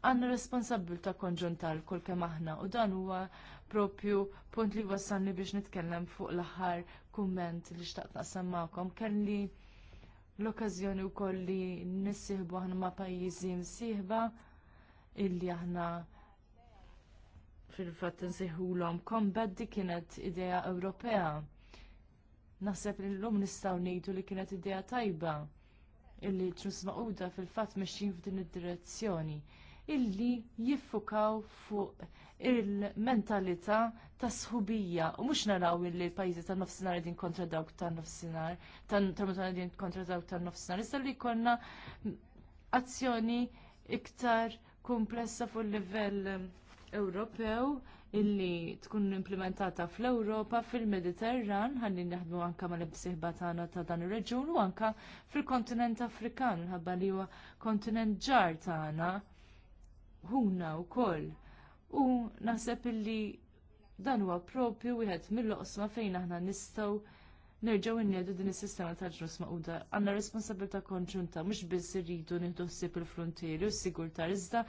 għandna responsabilità konġunta l kemm aħna u dan huwa propju punt li wassalni biex nitkellem fuq l-aħħar kumment li xtaqt naqsam magħkom kelli l-okkażjoni wkoll li nissieħbu aħna ma' pajjiżi msieħba illi aħna fil-fatt om combat di kienet idea Ewropea. Naħseb li llum nistgħu ngħidu li kienet idea tajba illi Trus maquda fil-fatt mexxin f'din id-direzzjoni illi jiffukaw fuq il-mentalità ta' sħubija u mhux naraw illi l-pajjiżi tan nofsinhar kontra dawk tan nofsinhar, tan tramutan din kontra dawk tan nofsinhar, issa li jkollna azzjoni iktar komplessa fuq livell ehm, Ewropew illi tkun implementata fl-Ewropa fil-Mediterran ħalli naħdmu anke mal-ibsieħba tagħna ta' dan ir reġun u anke fil-kontinent Afrikan ħabba li huwa kontinent ġar tagħna ħuna wkoll. U naħseb illi dan huwa propju wieħed mill-oqsma fejn aħna nistgħu nerġgħu innedu din is-sistema ta' ġnus maquda. Għandna responsabilità konġunta mhux biss irridu nieħdu il-frontieri u s-sigurtà iżda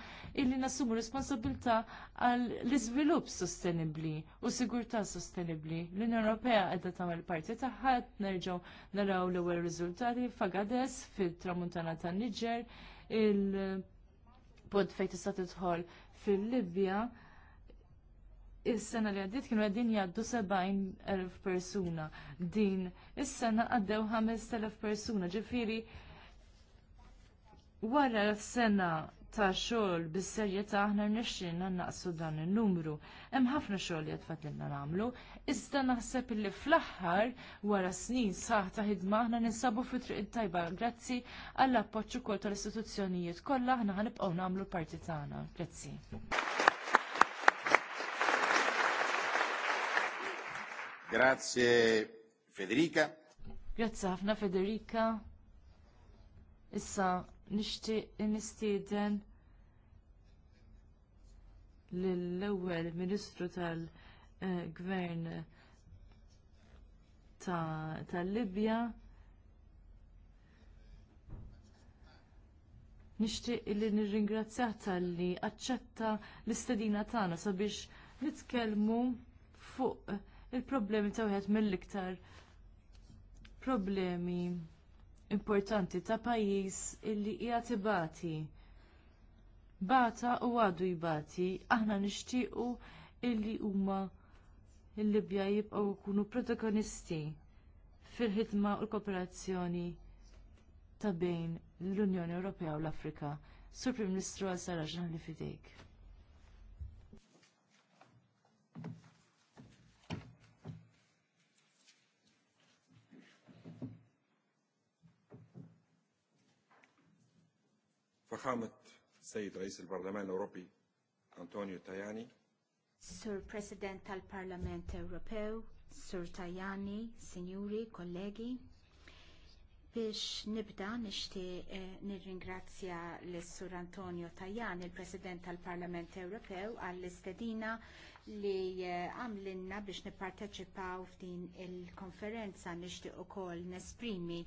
illi nassumu responsabilità għal l-iżvilupp sostenibbli u sigurtà sostenibbli. L-Unjoni Ewropea qiegħda tagħmel parti tagħha nerġgħu naraw l-ewwel riżultati f'Agades fit-Tramuntana tan-Niġer il pont fejn tista' tidħol fil-Libja Is-sena li għaddiet kienu għaddin jgħaddu 70.000 persuna. Din is-sena għaddew 5.000 persuna. Ġifiri, wara s-sena ta' xogħol bis-serjetà aħna rnexxin naqsu dan in-numru. Hemm ħafna xogħol li tfadlilna nagħmlu, iżda naħseb li fl-aħħar wara snin saħ ta' ħidma aħna ninsabu fi triq tajba grazzi għall appoġġ ukoll tal-istituzzjonijiet kollha aħna ħanibqgħu nagħmlu parti tagħna. Grazzi. Grazie Federica. Grazie ħafna Federica. Issa nixtieq nistieden lill-ewwel Ministru tal-Gvern tal-Libja nixtieq li nirringrazzjah li aċċetta l-istedina tagħna sabiex nitkellmu fuq il-problemi ta' wieħed mill-iktar problemi importanti ta' pajjiż illi hija tibati. Bata u għadu jibati, aħna nixtiequ illi huma il-Libja jibqgħu jkunu protagonisti fil-ħidma u l-kooperazzjoni ta' bejn l-Unjoni Ewropea u l-Afrika. Sur Prim Ministru għal saraġna li fidejk. فخامة السيد رئيس البرلمان الأوروبي أنطونيو تاياني Sir President tal-Parlament Ewropew, Sir Tajani, Signori, kollegi, Biex nibda nixtieq eh, nirringrazzja lis sur Antonio Tajan, il-President tal-Parlament Ewropew, għall-istedina li eh, għamlinna biex nipparteċipaw f'din il-konferenza nixtieq ukoll nesprimi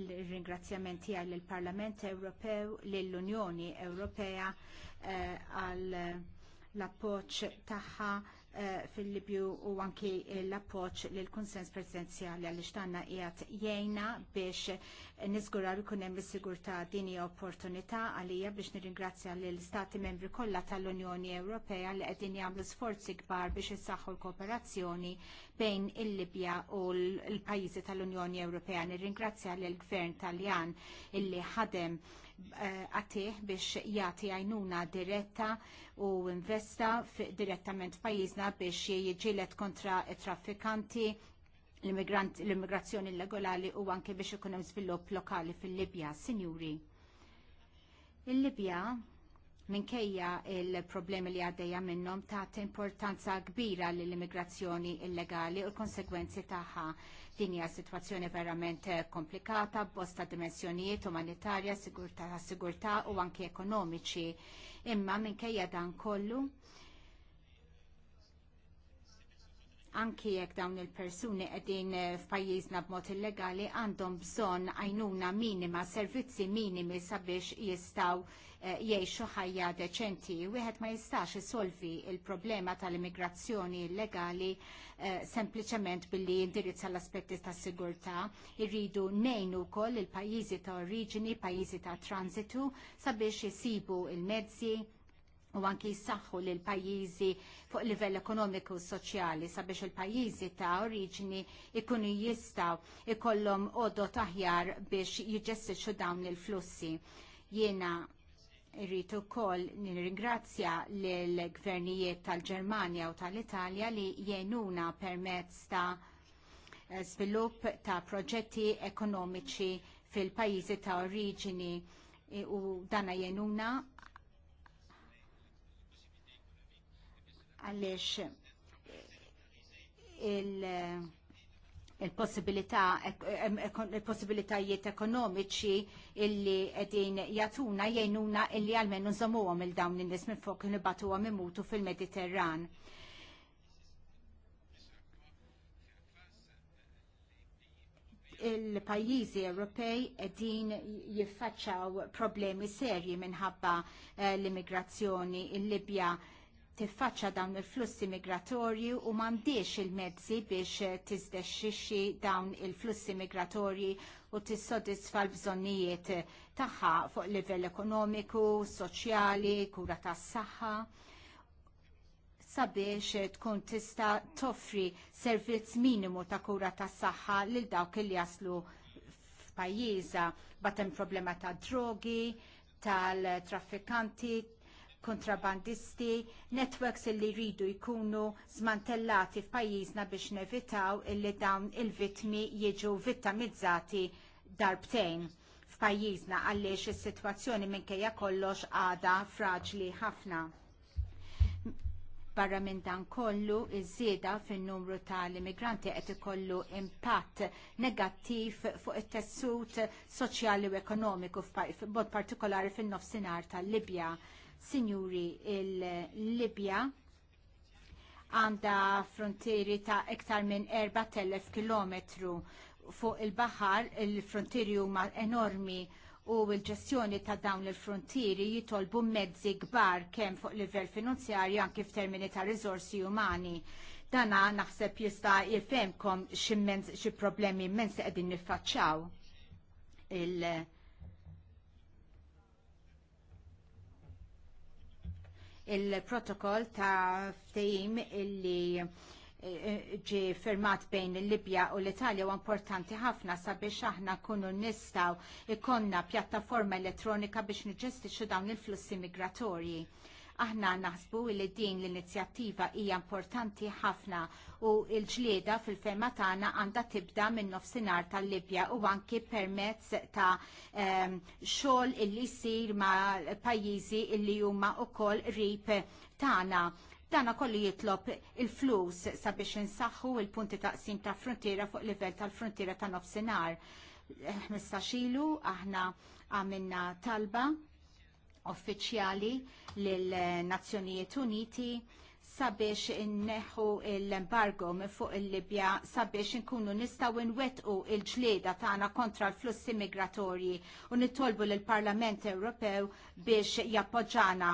l-ringrazzjament tiegħi lill-Parlament Ewropew lill-Unjoni Ewropea eh, għall appoġġ tagħha Eh, fil-Libju u anki l-appoċ l konsens presidenzjali għal ixtanna jgħat jgħina biex nizguraw ikun hemm is-sigurtà dini opportunità għalija biex nirringrazzja lill stati membri kollha tal-Unjoni Ewropea li qegħdin jagħmlu sforzi kbar biex issaħħu l-kooperazzjoni bejn il-Libja u l-pajjiżi tal-Unjoni Ewropea. Nirringrazzja lill gvern Taljan illi ħadem Eh, għatih biex jagħti għajnuna diretta u investa direttament f'pajjiżna biex jiġilet kontra traffikanti l-immigrazzjoni illegali u anke biex ikun hemm żvilupp lokali fil-Libja, sinjuri. Il-Libja minkejja il-problemi li għaddejja minnhom tagħti importanza kbira lill immigrazzjoni illegali u l-konsegwenzi tagħha Din hija sitwazzjoni verament eh, komplikata bosta dimensjonijiet umanitarja, sigurtà, sigurtà u anke ekonomiċi. Imma minkejja dan kollu anki jekk dawn il-persuni qegħdin eh, f'pajjiżna b'mod illegali għandhom bżonn għajnuna minima, servizzi minimi sabiex jistgħu eh, jgħixu ħajja deċenti. Wieħed ma jistax isolvi il-problema tal-immigrazzjoni illegali eh, sempliċement billi indirizza l-aspetti tas sigurtà, irridu nejnu wkoll il-pajjiżi ta' oriġini, pajjiżi ta' transitu sabiex isibu il-mezzi, u anki li l pajjiżi fuq livell ekonomiku u soċjali sabiex il-pajjiżi ta' oriġini ikunu jistaw ikollom odo taħjar biex jġessiċu dawn il-flussi. Jiena irrid ukoll nirringrazzja lill gvernijiet tal-Ġermanja u tal-Italja li jenuna permezz ta' svilup ta' proġetti ekonomiċi fil-pajjiżi ta' oriġini u dana jenuna għaliex eh, il- eh, il-possibilità il-possibilitajiet ekonomiċi illi qegħdin jagħtuna jgħinuna illi għalmenu nżommuhom il dawn in-nies minn fuq għom imutu fil-Mediterran. il-pajjiżi Ewropej qegħdin jiffaċċaw problemi serji minħabba eh, l-immigrazzjoni il-Libja tiffaċċa dawn il-flussi migratorji u m'għandix il-mezzi biex eh, tiżdexxixxi dawn il-flussi migratorji u tissodisfa l-bżonnijiet eh, tagħha fuq livell ekonomiku, soċjali, kura tas-saħħa sabiex eh, tkun tista' toffri servizz minimu ta' kura tas-saħħa lil dawk li jaslu f'pajjiża batem problema ta' drogi, tal-traffikanti, kontrabandisti, networks illi jridu jkunu smantellati f'pajjiżna biex nevitaw illi dawn il-vitmi jiġu vittamizzati darbtejn f'pajjiżna għaliex is-sitwazzjoni minkejja kollox għadha fraġli ħafna. Barra minn dan kollu, iż-żieda fin-numru tal-immigranti qed ikollu impatt negattiv fuq it-tessut soċjali u ekonomiku f'bod partikolari fin-nofsinhar tal-Libja Sinjuri, il-Libja għanda frontieri ta' iktar minn 4.000 km fuq il-bahar, il-frontieri huma enormi u l-ġestjoni ta' dawn il-frontieri jitolbu mezzi kbar kemm fuq livell finanzjarju anke f'termini ta' riżorsi umani. Dana naħseb jista' jifhemkom xi problemi immensi qegħdin niffaċċaw il- il-protokoll ta' ftehim illi eh, ġi firmat bejn il-Libja u l-Italja u importanti ħafna sabiex aħna kunu nistaw ikonna pjattaforma elettronika biex nġestixu dawn il-flussi migratorji. Aħna naħsbu li din l-inizjattiva hija importanti ħafna u l-ġlieda fil-fema tagħna għandha tibda minn nofsinhar tal-Libja u anki permezz ta' ehm, xogħol illi jsir ma' pajjiżi illi huma wkoll rib tagħna dana kollu jitlob il-flus sabiex insaħħu il-punti taqsim ta' frontiera fuq livell tal-frontiera ta' nofsinar. Eh, Mistaxilu aħna għamilna talba uffiċjali lill-Nazzjonijiet Uniti sabiex inneħu l-embargo minn fuq il-Libja sabiex inkunu nistaw inwetqu il-ġlieda tagħna kontra l-flussi migratorji u nittolbu lill-Parlament Ewropew biex jappoġġana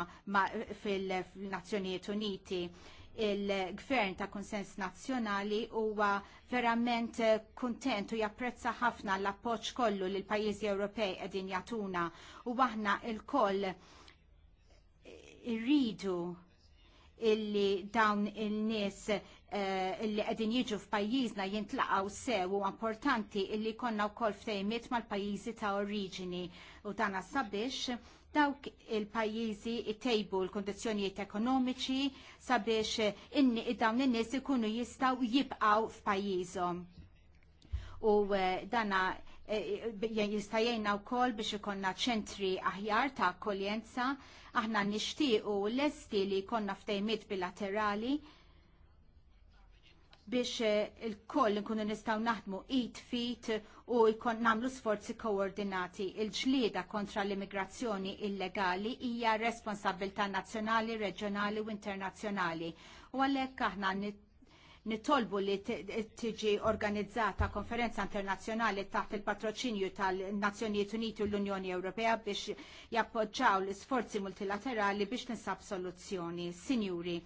fil-Nazzjonijiet Uniti il-gvern ta' konsens nazzjonali huwa verament eh, kuntent u japprezza ħafna l-appoġġ kollu li l-pajjiżi Ewropej qegħdin jagħtuna u aħna il koll irridu illi dawn il-nies uh, illi qegħdin jiġu f'pajjiżna jintlaqgħu sew u importanti illi konna wkoll ftejmiet mal-pajjiżi ta' oriġini u dan sabiex dawk il-pajjiżi itejbu l-kondizzjonijiet ekonomiċi sabiex inni dawn in-nies ikunu jistgħu jibqgħu f'pajjiżhom. U eh, dana eh, eh, jistajjena u kol biex ikonna ċentri aħjar ta' akkoljenza, aħna nixtiequ l-esti li konna ftejmiet bilaterali biex eh, il-koll nkunu nistaw naħdmu it fit eh, u jkun namlu sforzi koordinati. Il-ġlieda kontra l-immigrazzjoni illegali hija responsabilta nazzjonali, reġjonali u internazzjonali. U għalhekk aħna nitolbu li tiġi organizzata konferenza internazzjonali taħt il-patroċinju tal-Nazzjonijiet Uniti u l-Unjoni Ewropea biex jappoġġaw l-isforzi multilaterali biex ninsab soluzzjoni. Sinjuri,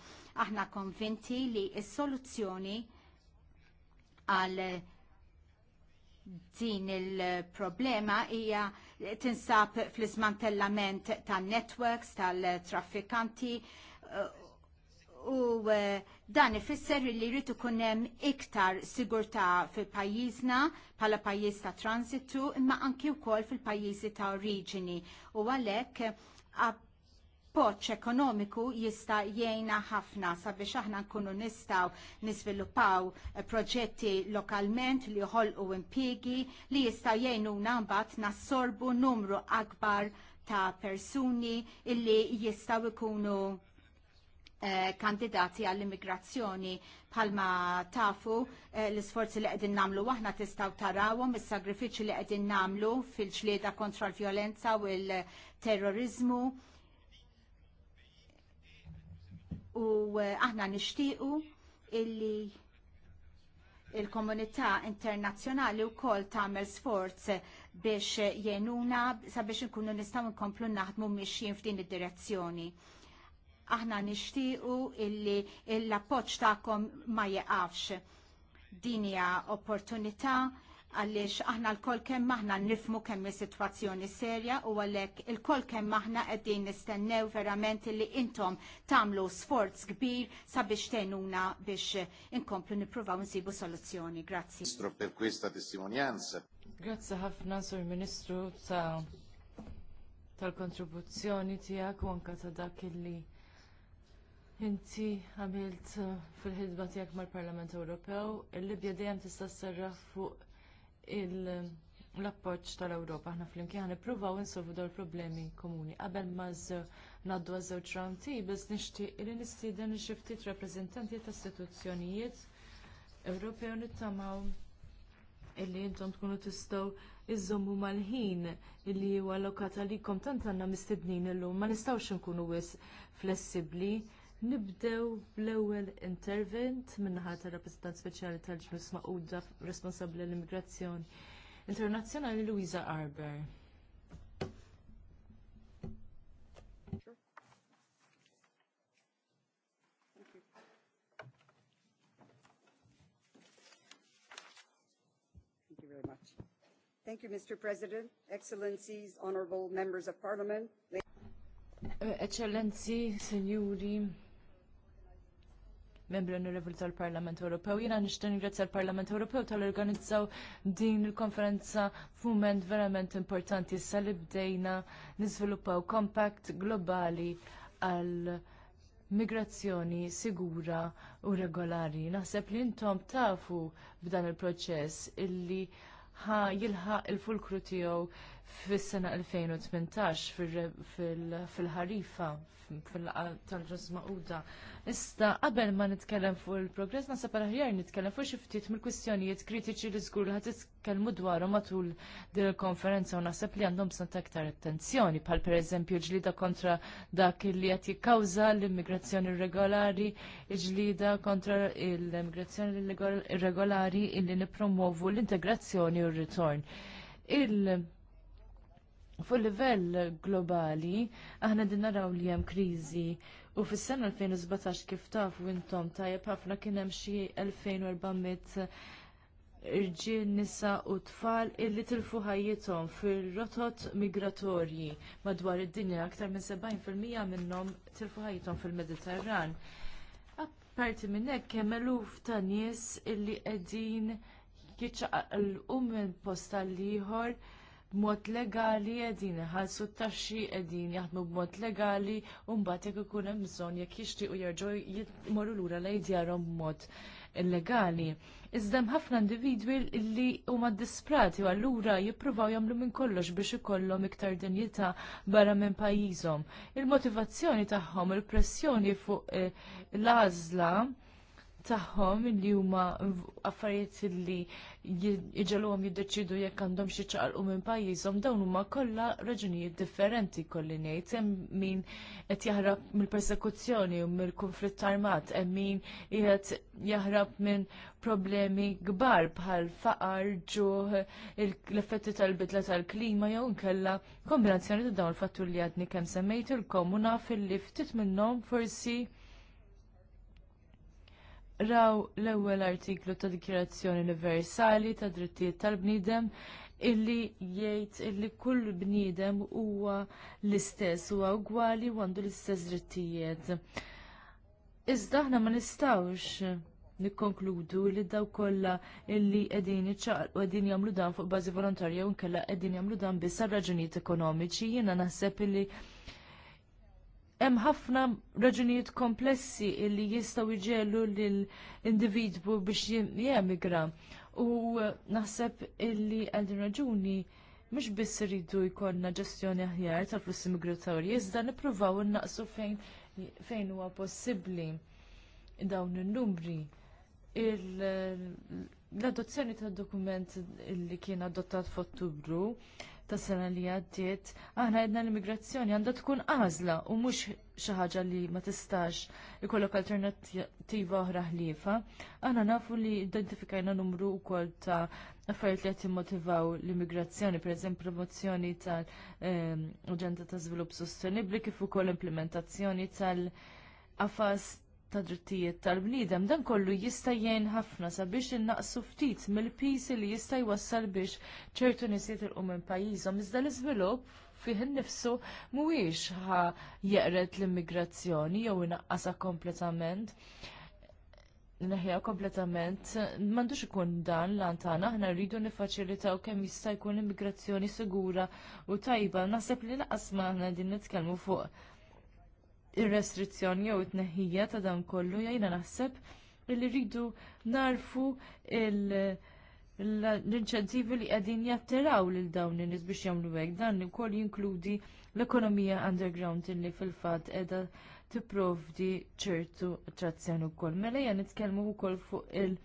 aħna konvinti li s-soluzzjoni għal din il-problema hija tinsab fl-ismantellament tan networks tal-traffikanti U eh, dan ifisser li jrid ikun hemm iktar sigurtà fil-pajjiżna bħala pajjiż ta' transitu imma anki wkoll fil-pajjiżi ta' oriġini. U għalhekk appoġġ ekonomiku jista' jgħinna ħafna sabiex aħna nkunu nistgħu niżviluppaw eh, proġetti lokalment li jħolqu impjiegi li jista' jgħinuna mbagħad nassorbu numru akbar ta' persuni illi jistgħu ikunu Eh, kandidati għall-immigrazzjoni palma tafu eh, l-isforzi li qegħdin namlu waħna tistaw tarawhom is sagrifiċi li qegħdin namlu fil-ġlieda kontra l-vjolenza u l-terrorizmu. U eh, aħna nixtiequ illi il-komunità internazzjonali wkoll tagħmel sforz biex jenuna sabiex nkunu nistgħu nkomplu naħdmu mixjin f'din id-direzzjoni aħna nixtiequ illi l-appoġġ tagħkom ma jeqafx. Dinja opportunità għaliex aħna l-kol kemm aħna nifmu kemm is-sitwazzjoni serja u għalhekk il-kol kemm aħna qegħdin nistennew verament li intom tagħmlu sforz kbir sabiex tenuna biex inkomplu nippruvaw nsibu soluzzjoni. Grazzi. Ministru per questa testimonianza. Grazzi ħafna Sur Ministru ta' tal-kontribuzzjoni tijak u anka ta' dak illi Inti għamilt uh, fil-ħidba tiegħek mal-Parlament Ewropew, il-Libja dejjem tista' serra fuq um, l-appoġġ tal-Ewropa. Aħna flimkien nippruvaw insolvu dawn problemi komuni. Qabel ma naddu għaż-żewġ rawndi, biss nixtieq li nistieden xi ftit rappreżentanti ta' istituzzjonijiet Ewropew nittamaw illi intom tkunu tistgħu iżommu mal-ħin illi huwa allokata likom tant għandna mistednin illum ma nistgħux inkunu wis flessibbli Nibdew bl-ewwel intervent min-naħa tar-rappreżentant speċjali tal-ġnus maquda responsabbli l-immigrazzjoni internazzjonali Louisa Arber. Thank you, Mr. President, Excellencies, Honorable Members of Parliament. Eccellenzi, Signori, membri onorevoli tal-Parlament Ewropew. Jiena nishtu ningrazzja l-Parlament Ewropew tal-organizzaw din il-konferenza f'mument verament importanti issa li bdejna niżviluppaw compact globali għal migrazzjoni sigura u regolari. Naħseb li intom tafu b'dan il-proċess illi ħa jilħaq il-fulkru tiegħu fis-sena 2018 fil-ħarifa tal-ġus maquda. Issa qabel ma nitkellem fuq il-progress nasab aħjar nitkellem fuq xi ftit mill-kwistjonijiet kritiċi li żgur li ħad titkellmu dwarhom matul din il-konferenza u naħseb li għandhom bżonn aktar attenzjoni bħal pereżempju ġlida kontra dak li qed jikkawża l-immigrazzjoni irregolari, ġlida kontra l-immigrazzjoni irregolari illi nippromovu l-integrazzjoni u r-ritorn. Fuq livell globali, aħna din naraw li hemm kriżi u fis-sena 2017 kif taf intom tajjeb ħafna kien hemm xi 2400 irġiel nisa u tfal illi tilfu ħajjithom fir-rotot migratorji madwar id-dinja aktar minn 70% minnhom tilfu ħajjithom fil-Mediterran. Apparti minn hekk hemm eluf ta' nies illi qegħdin jiċċaqalqu minn posta l ieħor b'mod legali qegħdin iħallsu t-taxxi qegħdin jaħdmu b'mod legali u mbagħad jekk ikun hemm bżonn jekk jixtiequ jerġgħu jmorru lura lejn djarhom b'mod illegali. Iżda hemm ħafna individwi li huma disprati u allura jippruvaw jagħmlu minn kollox biex ikollhom iktar dinjità barra minn pajjiżhom. Il-motivazzjoni tagħhom, il-pressjoni fuq eh, l-għażla tagħhom li huma affarijiet li jiġalhom jiddeċidu jekk għandhom xi ċaqalqu minn pajjiżhom dawn huma kollha raġunijiet differenti kolli ngħid. Hemm min qed jaħrab mill-persekuzzjoni u mill-kunflitt armat, hemm min qed jaħrab minn problemi kbar bħal faqar, ġuħ, l-effetti tal-bidla tal-klima jew nkella kombinazzjoni ta' dawn il-fattur li għadni kemm semmejtilkom u naf li ftit minnhom forsi raw l-ewwel artiklu ta' Dikjerazzjoni Universali ta' Drittijiet tal-Bniedem illi jgħid illi kull bniedem huwa l-istess huwa ugwali u għandu l-istess drittijiet. Iżda aħna ma nistawx nikkonkludu li daw kollha illi qegħdin u qegħdin jagħmlu dan fuq bażi volontarja u nkella qegħdin jagħmlu dan biss raġunijiet ekonomiċi, jiena naħseb illi hemm ħafna raġunijiet komplessi li jistgħu jiġelu lill-individwu biex jemigra. U naħseb illi għal raġuni mhux biss iridu jkollna ġestjoni aħjar tal-flussi migratorji, iżda nippruvaw innaqsu fejn fejn huwa possibbli dawn in-numri. L-adozzjoni tad dokument li kien adottat f'Ottubru ta' sena li għaddiet, aħna għedna l-immigrazzjoni għandha tkun għażla u mhux xi ħaġa li ma tistax ikollok alternattiva oħra ħliefa. Aħna nafu li identifikajna numru wkoll ta' affarijiet li qed jimmotivaw l-immigrazzjoni, pereżempju promozzjoni tal-Aġenda ehm, ta' Żvilupp Sostenibbli kif ukoll implementazzjoni tal- affas ta' drittijiet tal-bniedem dan kollu jista' jgħin ħafna sabiex innaqsu ftit mill pisi li jista' jwassal biex ċertu nies jitilqu minn pajjiżhom iżda l-iżvilupp fih innifsu mhuwiex ħa jeqret l-immigrazzjoni jew inaqqasha kompletament. Neħja kompletament, m'għandux ikun dan l-antana, aħna rridu nifaċilitaw kemm jista' jkun immigrazzjoni sigura u tajba, naħseb li laqas ma aħna din nitkellmu fuq ir-restrizzjoni jew it-tneħħija ta' dan kollu jgħina naħseb li rridu narfu l-inċentivi li qegħdin jattiraw lil dawn in biex jagħmlu hekk dan kol jinkludi l-ekonomija underground illi fil-fatt qiegħda tipprovdi ċertu attrazzjoni kol. Mela hija nitkellmu wkoll fuq il-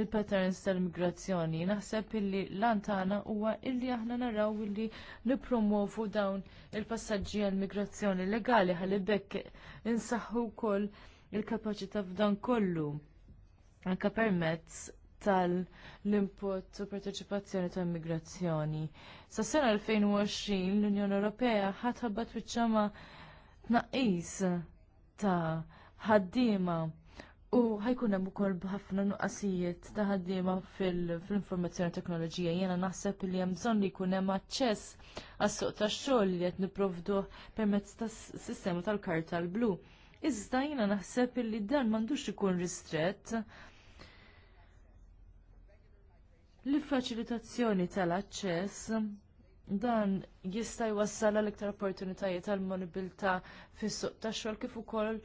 il-patterns tal-immigrazzjoni. Naħseb illi lantana huwa illi aħna naraw illi nipromovu dawn il passaġġi għall migrazzjoni legali ħalli bekk insaħħu wkoll il-kapaċità f'dan kollu anke permezz tal-input u parteċipazzjoni tal immigrazzjoni. Sa sena 2020 l-Unjoni Ewropea ħatħabbat wiċċama tnaqqis ta' ħaddiema U ħajkun hemm ukoll b'ħafna nuqqasijiet ta' ħaddiema fil-informazzjoni teknoloġija. Jiena naħseb li hemm bżonn li jkun hemm aċċess għas-suq tax-xogħol li qed nipprovduh permezz tas-sistema tal-karta l-blu. Iżda jiena naħseb li dan m'għandux ikun ristrett L-faċilitazzjoni tal-aċċess dan jista' jwassal l-iktar opportunitajiet għal monibilità fis-suq tax-xogħol kif ukoll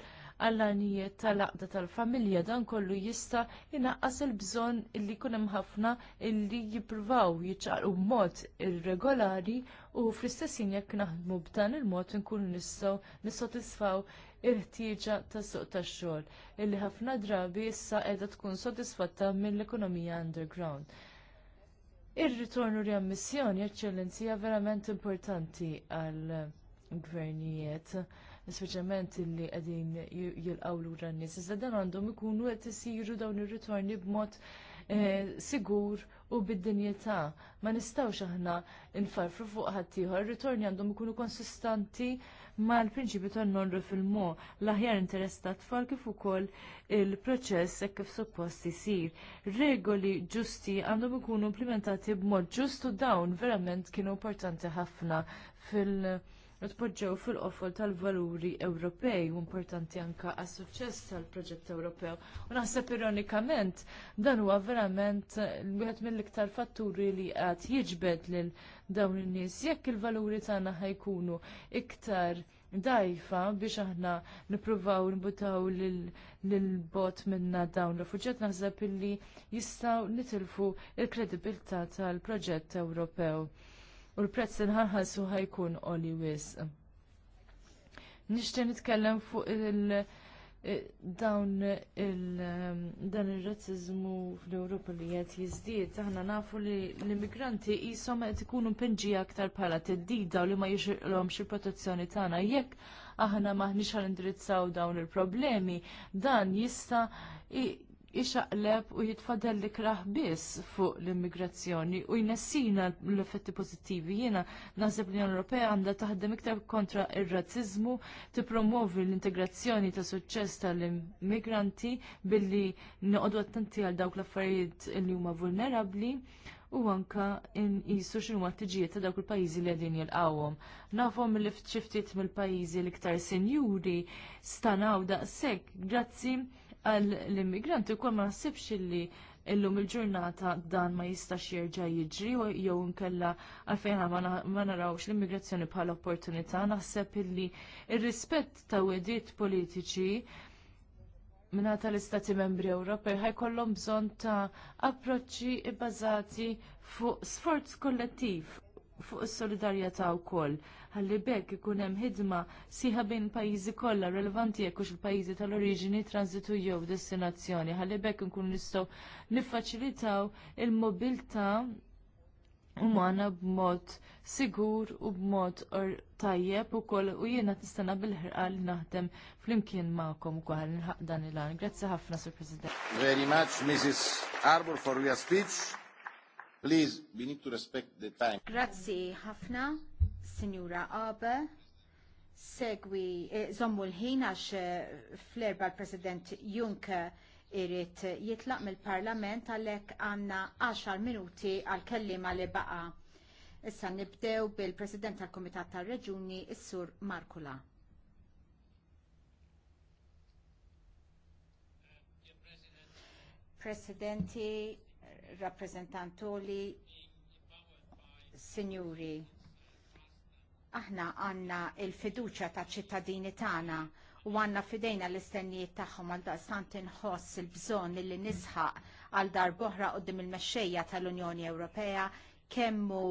għall-għanijiet tal-aqda tal-familja dan kollu jista' inaqqas il-bżonn illi jkun hemm ħafna illi jippruvaw jiċċaqru b'mod irregolari u fl-istessin jekk naħdmu b'dan il-mod nkunu nistgħu nissodisfaw il-ħtieġa tas-suq tax-xogħol illi ħafna drabi issa qiegħda tkun sodisfatta mill-ekonomija underground. Ir-ritornu riammissjoni, eċċellenzija verament importanti għall gvernijiet speċjalment illi qegħdin jilqgħu lura n-nies. Iżda dan għandhom ikunu qed isiru dawn ir-ritorni b'mod eh, sigur u bid-dinjetà. Ma nistgħux aħna nfarfru fuq ħadd ieħor, ir-ritorni għandhom ikunu konsistanti mal prinċipju tan non refilmo l-aħjar interess tat tfal kif ukoll il-proċess hekk kif suppost isir. Regoli ġusti għandhom ikunu implementati b'mod ġust u dawn verament kienu importanti ħafna fil- tpoġġew fil-qofol tal-valuri Ewropej u importanti anke għas-suċċess tal-proġett Ewropew. U naħseb ironikament dan huwa verament eh, wieħed mill-iktar fatturi li qed jiġbed lil dawn in-nies jekk il-valuri tagħna ħajkunu iktar dajfa biex aħna nippruvaw nbutaw l-bot minna dawn refuġġat naħseb illi jistgħu nitilfu l kredibilità tal-proġett Ewropew u l-prezz inħarħalsu ħajkun oli wisq. Nixtieq nitkellem fuq il- dawn il dan ir-razzizmu fl europa li jgħet jiżdied, aħna nafu li l-immigranti qishom qed ikunu pinġija aktar bħala dida u li ma jixrilhomx il-protezzjoni tagħna. Jekk aħna maħniex għall-indirizzaw dawn il-problemi, dan jista' ixaqleb u jitfadel li biss fuq l-immigrazzjoni u jnessina l-effetti pozittivi. Jena naħseb l-Unjoni Ewropea għandha taħdem iktar kontra ir-razzizmu, tippromovi l-integrazzjoni ta' suċċess tal-immigranti billi noqogħdu attenti għal dawk l-affarijiet li huma vulnerabbli u anka nqisu x'inhu t-tiġijiet ta' dawk il-pajjiżi li qegħdin jilqawhom. Nafhom li ftit mill-pajjiżi l-iktar sinjuri stanaw daqshekk grazzi l immigranti kol ma naħsibx li illum il-ġurnata dan ma jistax jerġa' jiġri jew nkella għalfejn ma narawx l-immigrazzjoni bħala opportunità naħseb illi r rispett ta' wedijiet politiċi minna tal-Istati Membri Ewropej ħajkollhom bżonn ta' approċċi bbażati fuq sforz kollettiv fuq is-solidarjetà wkoll. Ħalli bekk ikun hemm ħidma siħa bejn pajjiżi kollha relevanti jekk hux il-pajjiżi tal-oriġini transitu jew destinazzjoni. Ħalli bekk nkun nistgħu niffaċilitaw il-mobilità umana b'mod sigur u b'mod tajjeb ukoll u jiena tistana bil-ħirqa li naħdem flimkien magħkom u nilħaq dan il-għan. Grazzi ħafna, Sur President. Very much, Mrs. Arbor, for your speech. Please, we need to respect the time. Grazzi ħafna, Signora Abe. Segwi, eh, zommu l-ħin għax eh, fl-erba l-President Juncker irrit jitlaq mill-Parlament għalhekk għandna 10 minuti għal kelliema li baqa. Issa nibdew bil-President tal kumitat tar reġuni is-Sur Markula. Presidenti, rappresentantoli, sinjuri, aħna għanna il-fiduċa ta' ċittadini tagħna u għanna fidejna l-istennijiet tagħhom għal daqstant inħoss il-bżonn li nisħaq għal dar boħra qudiem il-mexxejja tal-Unjoni Ewropea kemmu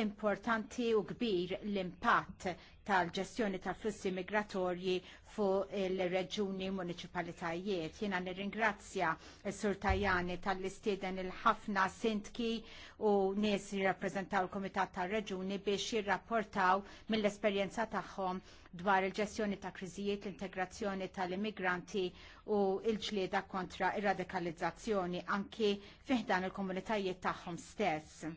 importanti u kbir l-impatt tal-ġestjoni tal-flussi migratorji fuq il-reġuni municipalitajiet. Jena nirringrazzja s-Sur Tajani tal-istiden il-ħafna sintki u nies li rappresentaw l-Komitat tal-Reġuni biex jirrapportaw mill-esperjenza tagħhom dwar il-ġestjoni ta' kriżijiet, l-integrazzjoni tal-immigranti u il-ġlieda kontra ir-radikalizzazzjoni anki fiħdan il-komunitajiet tagħhom stess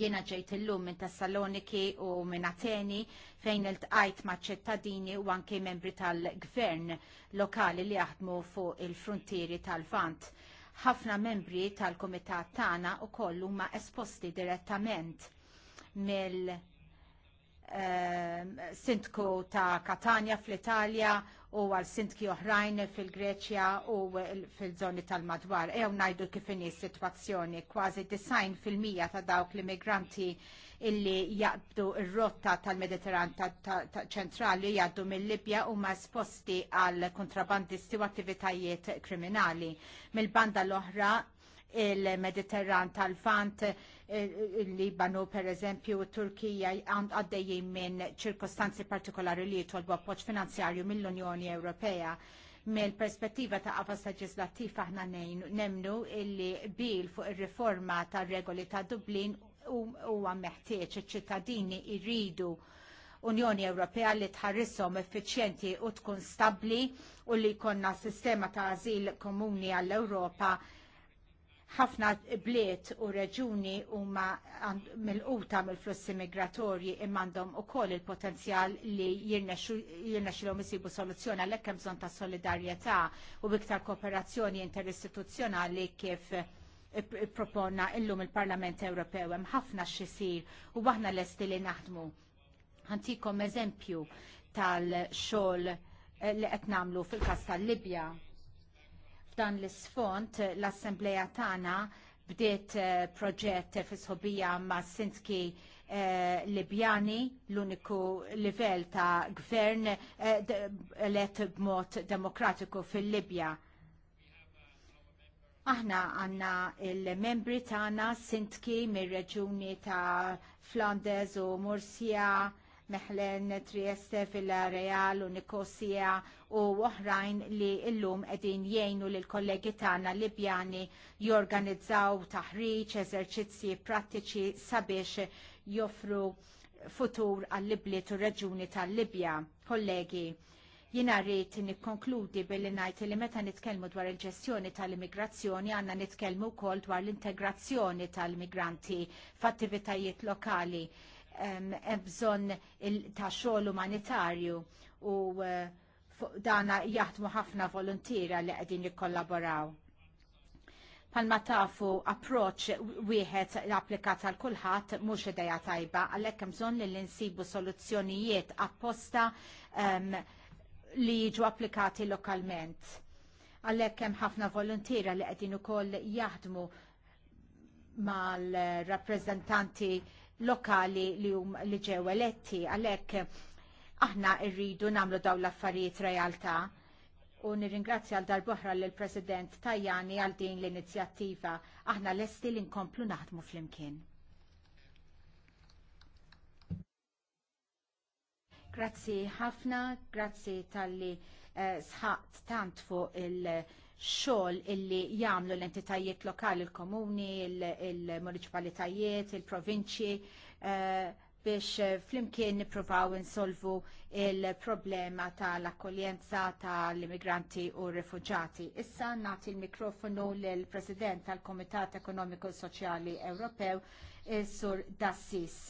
Jiena ġejt illum minn Tessaloniki u minn Ateni fejn il-tqajt ma' ċittadini u anke membri tal-gvern lokali li jaħdmu fuq il-frontieri tal-Vant. Ħafna membri tal-komitat tagħna u kollu ma' esposti direttament mill- Ehm, sintku ta' Katania fl-Italja u għal sintki oħrajn fil-Greċja u fil-żoni tal-madwar. Ew najdu kifini situazzjoni kważi 90% ta' dawk l-immigranti illi jaqdu ir-rotta tal-Mediterran ċentrali jaddu mill-Libja u ma sposti għal kontrabandisti u attivitajiet kriminali. Mill-banda l-oħra il-Mediterran tal-Fant Eh, li libanu per eżempju Turkija għaddejjin minn ċirkostanzi partikolari li jitolbu appoġġ finanzjarju mill-Unjoni Ewropea. Mill perspettiva ta' qafas leġislattiv aħna nemnu illi bil fuq ir-riforma tar regoli ta' Dublin huwa meħtieġ iċ-ċittadini jridu Unjoni Ewropea li tħarrisom effiċjenti u tkun stabbli u li jkollna sistema ta' azil komuni għall-Ewropa ħafna bliet u reġuni huma mill-quta mill-flussi migratorji imma għandhom ukoll il-potenzjal li l-om soluzzjoni għalhekk hemm bżonn ta' solidarjetà u iktar kooperazzjoni interistituzzjonali kif proponna illum il-Parlament Ewropew hemm ħafna x'isir u aħna lesti li naħdmu. Ħantikom eżempju tal-xogħol eh, li qed nagħmlu fil-każ tal-Libja F'dan l-isfond l-Assembleja tagħna bdiet eh, proġett fi ħobija ma' Sinski eh, Libjani, l-uniku livell ta' gvern eh, elett b'mod demokratiku fil-Libja. Aħna għanna il-membri tagħna sintki mir-reġuni ta' Flandes u Mursija Meħlen, Trieste, Villa Real u Nikosija u oħrajn li illum edin jgħinu l kollegi tagħna Libjani jorganizzaw taħriġ, eżerċizzji prattiċi sabiex joffru futur għall libli u reġuni tal-Libja. Kollegi, jina rrit nikkonkludi billi najt li meta nitkellmu dwar il-ġestjoni tal-immigrazzjoni għanna nitkellmu kol dwar l-integrazzjoni tal-migranti f'attivitajiet lokali bżonn ta' xogħol umanitarju u eh, fuq dana jaħdmu ħafna volontira li qegħdin jikkollaboraw. Palma tafu approach wieħed l-applikat għal kulħadd mhux idea tajba għalhekk hemm bżonn li nsibu soluzzjonijiet apposta um, li jiġu applikati lokalment. Għalhekk hemm ħafna volontira li qegħdin ukoll jaħdmu mal-rappreżentanti lokali li hum li ġew eletti għalhekk aħna rridu nagħmlu dawn l-affarijiet realtà u nirringrazzja għal darbohra lill president Tajani għal din l-inizjattiva aħna lesti li nkomplu naħdmu flimkien. Grazzi ħafna, grazzi tal-li eh, sħaqt tant fuq il- xogħol illi jagħmlu l-entitajiet lokali, il-komuni, il-municipalitajiet, il-provinċi eh, biex eh, flimkien nippruvaw insolvu il-problema tal-akkoljenza tal-immigranti u rifugġati. Issa nagħti l mikrofonu lill president tal kumitat Ekonomiku Soċjali Ewropew, eh, Sur Dassis,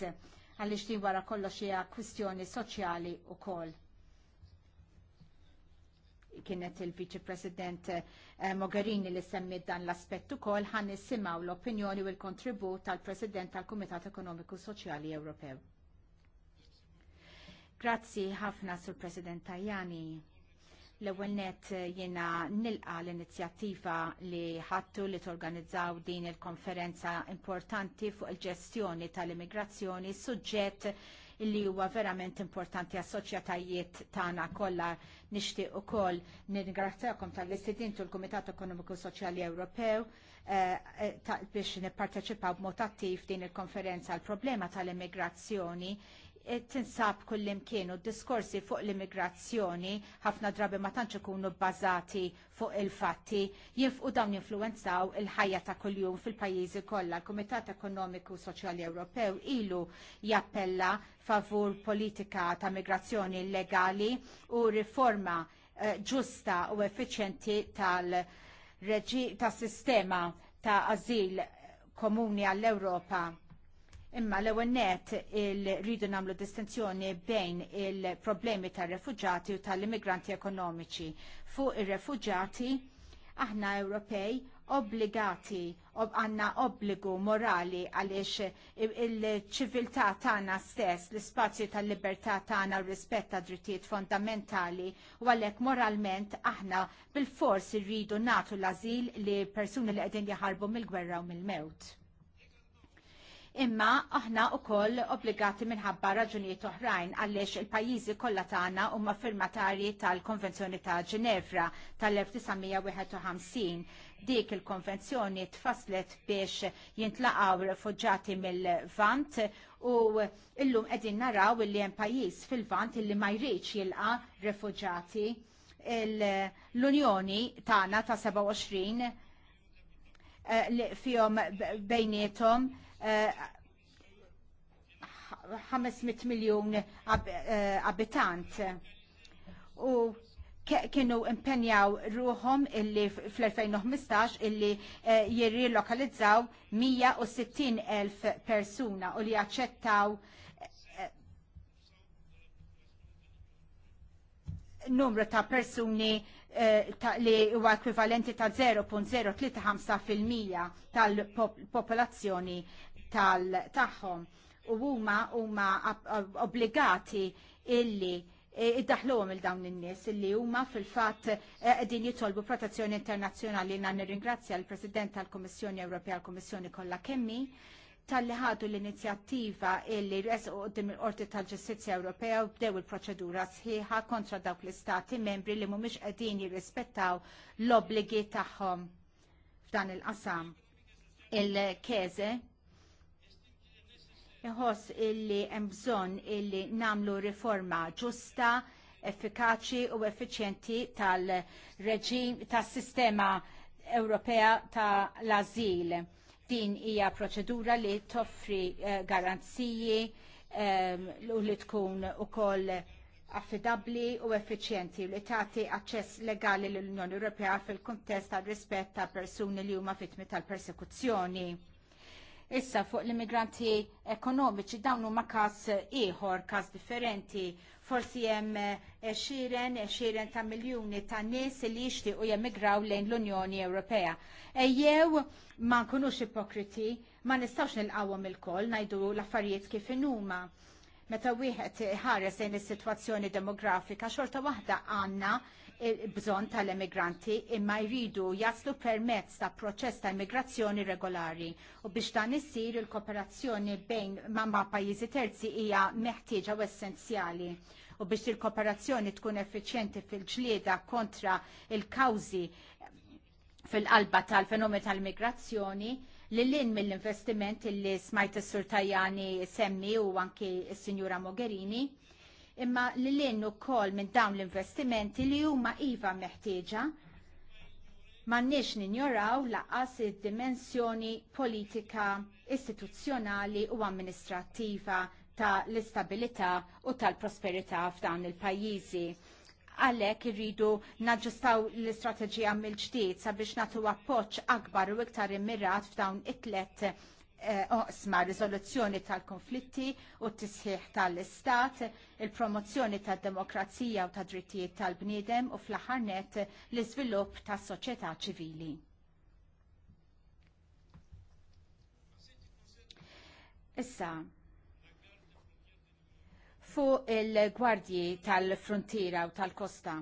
għaliex din wara kollox hija kwistjoni soċjali wkoll kienet il-Viċi President eh, Mogherini li semmi dan l-aspett ukoll ħan nisimgħu l-opinjoni u l-kontribut tal-President tal-Kumitat Ekonomiku Soċjali Ewropew. Grazzi ħafna sur President Tajani. L-ewwel net eh, jiena nilqa l-inizjattiva li ħattu li torganizzaw din il-konferenza importanti fuq il-ġestjoni tal-immigrazzjoni suġġett illi huwa verament importanti għas soċjetajiet tagħna kollha nixtieq ukoll ningrazzjakom tal istidin l-Kumitat Ekonomiku Soċjali Ewropew eh, biex nipparteċipaw b'mod attiv din il-konferenza għall problema tal-immigrazzjoni tinsab kullim kienu diskorsi fuq l-immigrazzjoni ħafna drabi ma tantx ikunu bbażati fuq il-fatti jinfqu dawn influenzaw il-ħajja ta' kuljum fil-pajjiżi kollha. L-Kumitat Ekonomiku Soċjali Ewropew ilu jappella favur politika ta' migrazzjoni legali u riforma eh, ġusta u effiċjenti tal-sistema ta' azil komuni għall-Ewropa Imma l ewwel net il-ridu namlu distinzjoni bejn il-problemi tal-refugġati u tal-immigranti ekonomiċi. Fuq il-refugġati, aħna Ewropej obbligati, għanna ob obbligu morali għaliex il-ċiviltà tagħna stess, l-ispazju tal-libertà tagħna u rispett ta' drittijiet fondamentali u għalhekk moralment aħna bil-fors irridu nagħtu l-ażil li persuni li qegħdin jaħarbu mill-gwerra u mill-mewt imma aħna wkoll obbligati minħabba raġunijiet oħrajn għaliex il-pajjiżi kollha tagħna huma firmatarji tal-Konvenzjoni ta' Ġinevra tal-1951 dik il-konvenzjoni tfaslet biex jintlaqaw refugġati mill-vant u illum edin naraw li hemm pajjiż fil-vant illi ma jridx jilqa refugġati l-Unjoni tagħna ta' 27 eh, li fihom bejnietom 500 miljon eh, abitant. U kienu impenjaw ruħom illi fl-2015 illi eh, jirrilokalizzaw 160 elf persuna u li jaċċettaw eh, numru ta' persuni li huwa ekwivalenti ta' 0.035% tal-popolazzjoni tal-taħħom u huma huma obbligati illi e, iddaħluhom il dawn in-nies illi huma fil-fatt e, qegħdin jitolbu protezzjoni internazzjonali na nirringrazzja l-President tal-Kummissjoni Ewropea l-Kummissjoni kollha kemmi tal-li ħadu l-inizjattiva illi resqu qoddim il-Qorti tal-Ġustizzja Ewropea u bdew il-proċedura sħiħa kontra dawk l-istati membri li mhumiex qegħdin jirrispettaw l-obbligi tagħhom f'dan il-qasam. Il-Keze jħoss illi hemm bżonn illi nagħmlu riforma ġusta, effikaċi u effiċjenti tal-reġim tas-sistema Ewropea tal-Azil. Din hija proċedura li toffri eh, garanziji ehm, u li tkun ukoll affidabbli u effiċjenti li tagħti aċċess legali l-Unjoni Ewropea fil-kuntest tal rispett ta' persuni li huma vittmi tal-persekuzzjoni. Issa fuq l-immigranti ekonomiċi dawn huma każ ieħor, każ differenti. Forsi hemm eh, xiren, eh, xiren ta' miljuni ta' nies li jixtiequ jemigraw lejn l-Unjoni Ewropea. Ejjew ma nkunux ipokriti, ma nil nilqawhom il-koll ngħidu l-affarijiet kif inhuma meta wieħed ħares lejn is-sitwazzjoni demografika xorta waħda għandna bżon tal-emigranti imma jridu jaslu permezz ta' proċess ta' immigrazzjoni regolari u biex dan issir il-kooperazzjoni bejn mamma pajjiżi terzi hija meħtieġa u essenzjali u biex il-kooperazzjoni tkun effiċjenti fil-ġlieda kontra il-kawzi fil-qalba tal-fenomen tal-migrazzjoni li l-in mill-investiment li smajt s-sur Tajani semmi u anki s-Sinjura Mogherini imma li l-innu kol minn dawn l-investimenti li huma iva meħtieġa mannix ninjoraw laqas id-dimensjoni politika, istituzzjonali u amministrattiva ta' l-istabilità u tal-prosperità f'dawn il-pajjiżi għalek irridu naġġustaw l-istrateġija mill-ġdid sabiex natu appoċ akbar u iktar immirat f'dawn it-tlet Eh, oqsma riżoluzzjoni tal-konflitti u t-tisħiħ tal-istat, il-promozzjoni tad-demokrazija u tad-drittijiet tal-bniedem u fl-aħħar net l-iżvilupp tas-soċjetà ċivili. Issa, fuq il-gwardji tal-frontiera u tal-kosta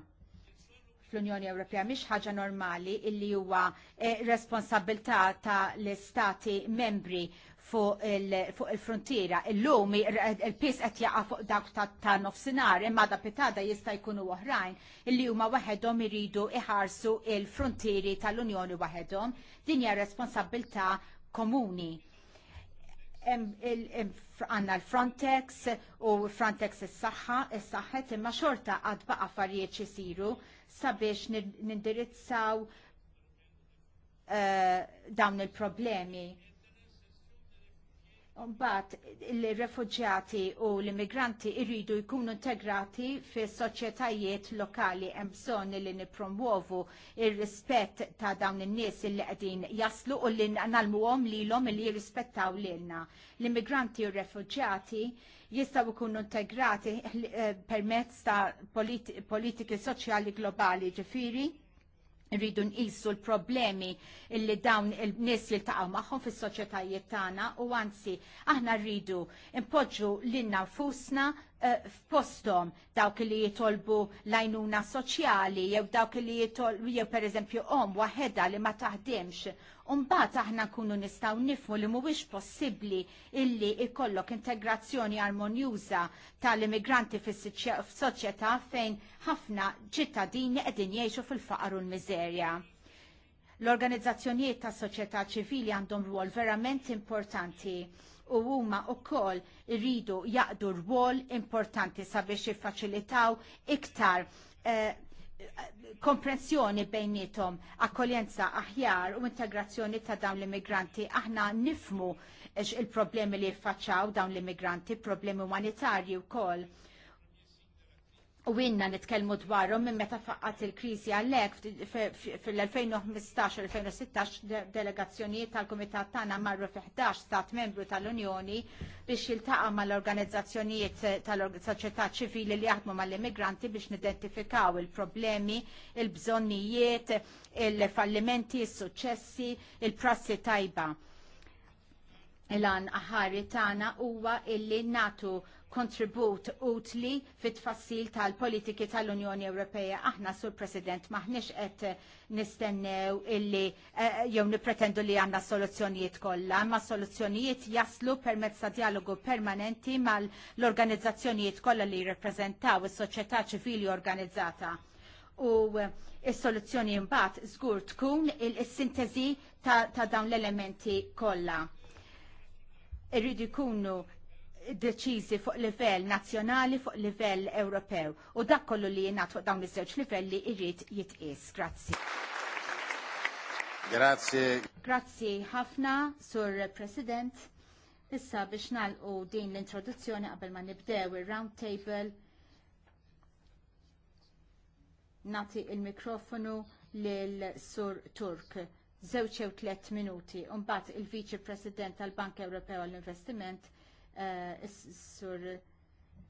fl-Unjoni Ewropea mhix ħaġa normali illi huwa eh, responsabilità ta' l-istati membri fuq il-frontiera. Illum eh, il-pis qed jaqa' fuq dawk ta' nofsinhar imma da pitada jista' jkunu oħrajn illi huma waħedhom iridu iħarsu il-frontieri tal-Unjoni waħedhom. Din hija responsabilità komuni għanna l-Frontex u Frontex s-saxħa, s-saxħet imma xorta għad baqa farijiet sabiex nindirizzaw uh, dawn il-problemi Bat, li refugjati u l-immigranti irridu jkunu integrati fi soċjetajiet lokali hemm bżonn li nipromuovu il rispett ta' dawn in-nies li qegħdin jaslu u li nalmu lilhom li jirrispettaw lilna. L-immigranti u r jistaw jistgħu jkunu integrati eh, permezz ta' politiki soċjali globali ġifiri rridu nqisu l-problemi illi dawn il-nies jiltaqgħu magħhom fis-soċjetajiet tagħna u anzi aħna rridu impoġġu lilna nfusna eh, f'postom dawk li jitolbu lajnuna soċjali jew dawk li jitolbu jew eżempju om waħedha li ma taħdimx Umbat aħna nkunu nistaw nifmu li mhuwiex possibbli illi ikollok integrazzjoni armonjuża tal-immigranti fis-soċjetà fejn ħafna ċittadini qegħdin jgħixu fil-faqar u l-miżerja. L-organizzazzjonijiet tas soċjetà ċivili għandhom rwol verament importanti u huma wkoll iridu jaqdu rwol importanti sabiex jiffaċilitaw iktar eh, komprensjoni bejnietom, akkoljenza aħjar u integrazzjoni ta' dawn l-immigranti. Aħna nifmu il-problemi li jiffaċċaw dawn l-immigranti, problemi umanitarji u koll u inna nitkellmu dwarhom minn meta faqqat il-kriżi għalhekk fil-2015-2016 delegazzjonijiet tal-Kumitat tagħna marru fi 11 stat membru tal-Unjoni biex jiltaqa' mal-organizzazzjonijiet tal-soċjetà ċivili li jaħdmu mal-immigranti biex nidentifikaw il-problemi, il-bżonnijiet, il-fallimenti, il suċċessi il-prassi tajba. Il-għan aħari tagħna huwa illi natu kontribut utli fit-tfassil tal-politiki tal-Unjoni Ewropea. Aħna, sur President, maħniex qed nistennew illi eh, jew nipretendu li għandna soluzzjonijiet kollha, ma soluzzjonijiet jaslu permezz ta' dialogu permanenti mal-organizzazzjonijiet kollha li jirrappreżentaw is-soċjetà ċivili organizzata u eh, s soluzzjoni mbagħad żgur tkun il-sintesi ta dawn l-elementi kollha. Irridu jkunu deċiżi fuq livell nazzjonali fuq livell Ewropew u dak kollu li jingħad fuq dawn iż-żewġ livelli jrid jitqies. Grazzi. Grazie. Grazzi ħafna, Sur President. Issa biex nagħlqu din l-introduzzjoni qabel ma nibdew ir-round table. Nati il-mikrofonu lil Sur Turk żewġ jew minuti u mbagħad il-Viċi President tal-Bank Ewropew għall-Investiment Eh, sur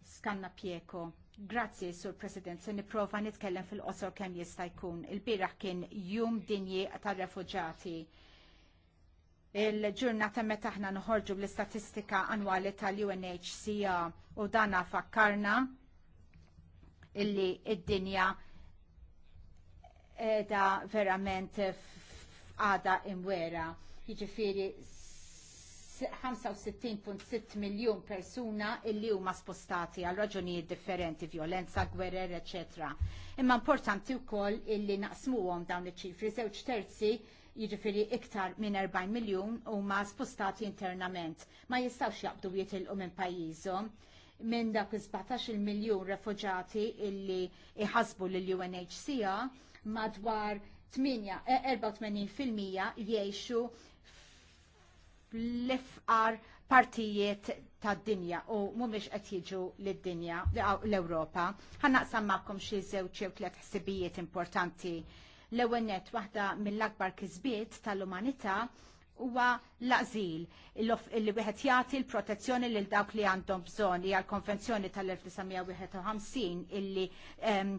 Skanna Pieko. Grazzi, Sur President, se niprofa nitkellem fil-qosor kemm jista' jkun. Il-biraħ kien jum dinji tar-refuġati. Il-ġurnata meta aħna noħorġu bl-istatistika annwali tal-UNHCR u dana fakkarna illi id-dinja edha verament għada imwera. Jiġifieri 65.6 miljon persuna illi huma spostati għal raġunijiet differenti, violenza, gwerer, etc. Imma importanti wkoll illi naqsmuhom dawn iċ-ċifri żewġ terzi jiġifieri iktar minn 40 miljun huma spostati internament. Ma jistgħux jaqbdu jitilqu minn pajjiżhom minn dak 17 miljun refuġati illi iħasbu lill-UNHCR madwar 84% eh, jiexu fl-ifqar partijiet tad dinja u mhumiex qed jiġu lid-dinja l-Ewropa. Ħannaqsam magħkom xi żewġ jew tliet ħsibijiet importanti. L-ewwel nett waħda mill-akbar kisbiet tal-umanità huwa l-azil li wieħed jagħti l-protezzjoni lil dawk li għandhom bżonn hija l-Konvenzjoni tal-1951 illi ehm,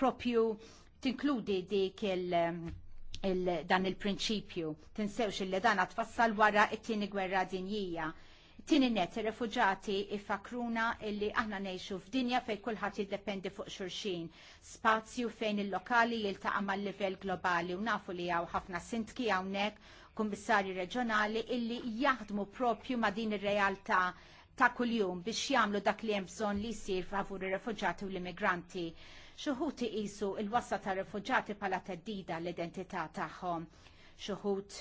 propju tinkludi dik il- dan il-prinċipju. Tinsewx il-li dan għatfassal wara it-tini gwerra dinjija. Tini net, il-refugġati ifakruna illi aħna neħxu f'dinja fej kullħat jiddependi fuq xurxin. Spazju fejn il-lokali jiltaqa mal livell globali u nafu li għaw ħafna sintki għawnek, kummissari reġjonali illi jaħdmu propju ma din ir-realtà ta' kuljum biex jagħmlu dak li hemm bżonn li jsir favur il-refugġati u l-immigranti xuħut iqisu il-wassa ta' refuġati pala teddida l-identità tagħhom. Xuħut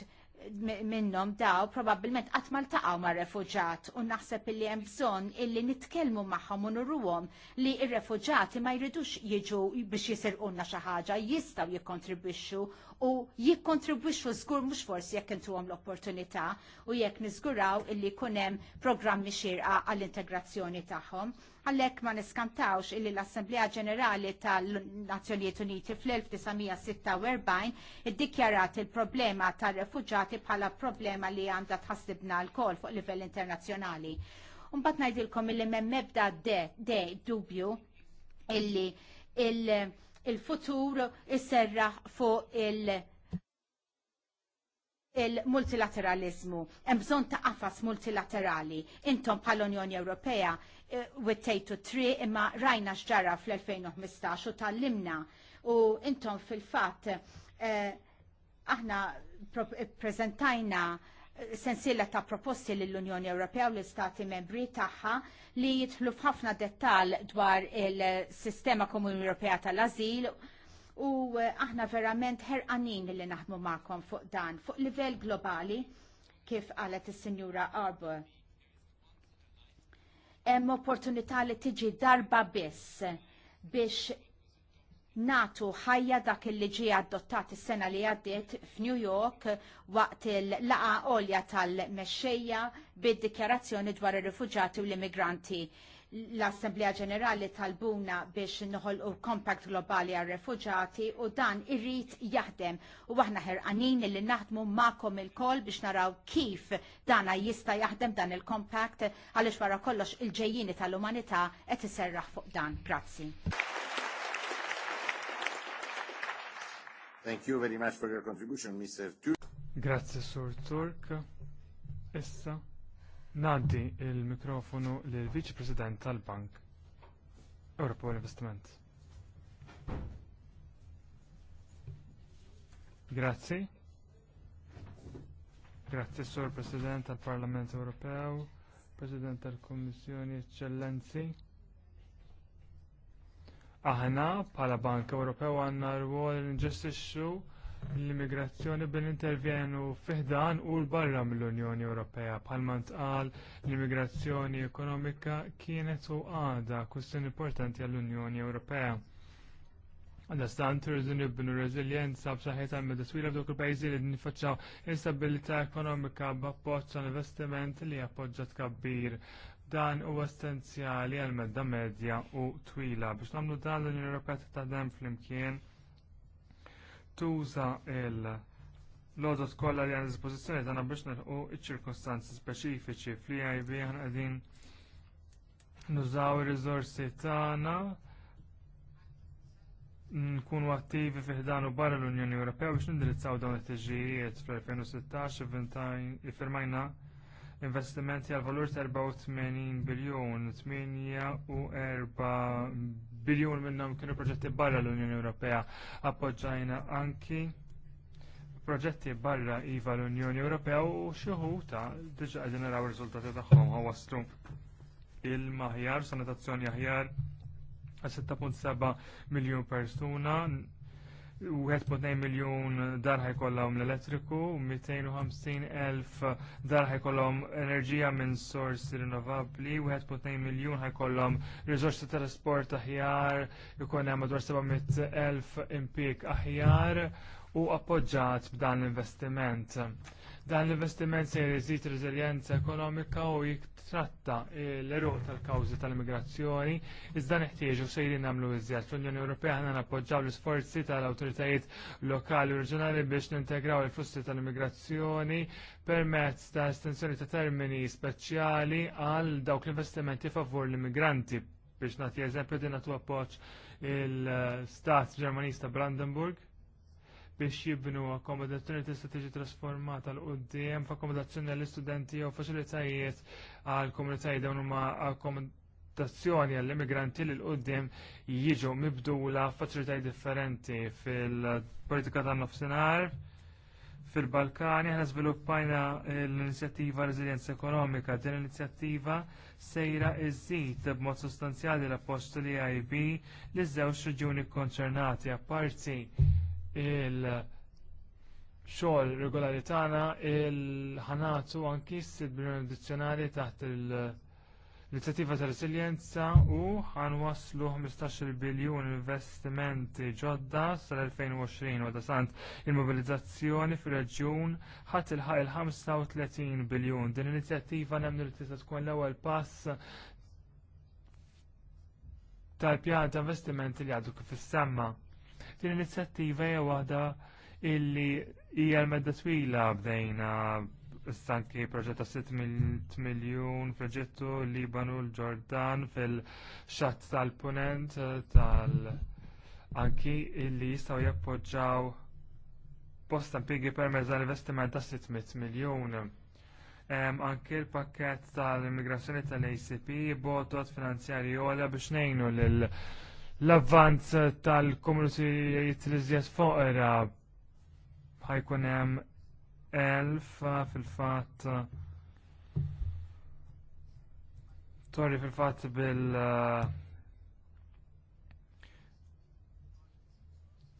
minnom daw probabbilment qatt ma ltaqgħu mar refuġat u naħseb illi hemm bżonn illi nitkellmu magħhom u nurruhom li r refuġati ma jridux jiġu biex jisirqulna xi ħaġa jistgħu jikkontribwixxu u jikkontribwixu żgur mhux forsi jekk intuhom l-opportunità u jekk niżguraw illi jkun hemm programmi xirqa għall-integrazzjoni tagħhom. Għalhekk ma niskantawx illi l-Assemblea Ġenerali tal-Nazzjonijiet Uniti fl-1946 iddikjarat il-problema tar refugġati bħala problema li għandha tħassibna l-kol fuq livell internazzjonali. Mbagħad ngħidilkom illi memmebda de, de dubju illi il- il-futur isserra fuq il- il-multilateralizmu. Hemm bżonn ta' qafas multilaterali. Intom bħall-Unjoni Ewropea eh, wittejtu tri imma rajna xġara fl-2015 u tal-limna u intom fil-fatt eh, aħna prezentajna sensilla ta' proposti l-Unjoni Ewropea u l-Istati membri tagħha li jitħlu f'ħafna dettal dwar il-Sistema Komuni Ewropea tal-Azil u eh, aħna verament ħerqanin li naħdmu magħkom fuq dan fuq livell globali kif qalet is-Sinjura Arbor. Hemm opportunità li tiġi darba biss biex natu ħajja dak il liġi adottat is sena li għaddiet f'New York waqt il-laqa għolja tal-mexxejja bid-dikjarazzjoni dwar ir-rifuġati u l-immigranti. L-Assemblea Ġenerali tal tal-Buna biex nħol u kompakt globali għal refuġati u dan irrit jaħdem u aħna ħerqanin li naħdmu ma'kom il-kol biex naraw kif dana jista jaħdem dan il-kompakt għaliex wara kollox il-ġejjini tal-umanità qed iserraħ fuq dan. Grazzi. Thank you very much for your contribution, Mr. Turk. Grazie, Sur Turk. Issa, naddi il-mikrofonu l-Vice President tal-Bank Europol Investment. Grazie. Grazie, Sur President tal-Parlament Europeo, President tal-Kommissjoni, Eccellenzi. Aħna bħala Bank Ewropew għandna rwol nġestixxu l-immigrazzjoni bil-intervjenu fiħdan u l-barra mill-Unjoni Ewropea. bħalma tqal l-immigrazzjoni ekonomika kienet u għada kustin importanti għall-Unjoni Ewropea. Għadastan turizm nibnu reżiljenza b'saħħitha mid-deswila f'dawk il-pajjiżi li nifaċċaw instabilità ekonomika b'appoġġ għal investiment li appoġġa tkabbir Dan huwa essenzjali għal medda medja u twila biex nagħmlu dan l-Unjoni Ewropea titadem flimkien tuża il l-għodot kollha li għandha dispożizzjoni tagħna biex nilħu iċ-ċirkostanzi speċifiċi fl-IB aħna qegħdin nużaw ir-riżorsi tagħna nkunu attivi fiħdan u barra l-Unjoni Ewropea biex nindirizzaw dawn it-tiġijiet fl-2016 firmajna investimenti għal valur ta' 84 biljon, 84 biljon minnhom kienu proġetti barra l-Unjoni Ewropea. Appoġġajna anki proġetti barra iva l-Unjoni Ewropea u xuħuta diġa qegħdin naraw riżultati tagħhom ħawaslu il-maħjar, sanitazzjoni aħjar 6.7 miljun persuna 1.2 miljon dar ħajkollhom l-elettriku, 250 elf dar ħajkollhom enerġija minn sors rinnovabbli, 1.2 miljon ħajkollhom riżorsi ta' trasport aħjar, ikun hemm madwar 700 elf impjieg aħjar u appoġġat b'dan l-investiment. Dan l-investiment se jżid reżiljenza ekonomika u jittratta l-eruq tal-kawżi tal-immigrazzjoni, iżda neħtieġu sejrin nagħmlu iżjed. L-Unjoni Ewropea ħana nappoġġaw l-isforzi tal-awtoritajiet lokali u reġjonali biex nintegraw il-flussi tal-immigrazzjoni permezz ta' estensjoni ta' termini speċjali għal dawk l-investimenti favur l-immigranti biex nagħti eżempju din għatu appoġġ il-Stat Ġermanista Brandenburg biex jibnu akkomodazzjoni tista' tiġi trasformata l qudiem f'akkomodazzjoni għall-istudenti jew faċilitajiet għall komunitajiet dawn huma akkomodazzjoni għall-immigranti li l-qudiem jiġu mibdula faċilitajiet differenti fil-politika tan-nofsinhar fil-Balkani aħna żviluppajna l-inizjattiva Resilienza Ekonomika. Din l-inizjattiva sejra iżid b'mod sostanzjali l apposti li IB li żewġ reġjuni konċernati apparti il-xogħol regolari tagħna il-ħanatu anki il sidbrin addizzjonali taħt l-inizjattiva ta' resiljenza u waslu 15 biljun investimenti ġodda sal-2020 u dasant il-mobilizzazzjoni fil-reġjun ħat il il-35 biljun. Din l inizjativa nemmnu li tista' tkun l-ewwel pass tal-pjan ta' investimenti li għadu kif issemma. Din l-inizjattiva hija waħda illi hija l-medda twila bdejna istanki proġett ta' 6 miljun proġettu Libanu, l-Ġordan fil-xatt tal-punent eh, tal- anki illi jistgħu jappoġġaw posta impjiegi permezz għal-investiment ta' 600 miljun. Anki l-pakket tal-immigrazzjoni tal-ACP botot finanzjari għolja biex ngħinu lil l-avvanz tal-komunitajiet li żjed foqra ħajkun hemm elf eh, fil-fatt torri fil-fatt bil eh,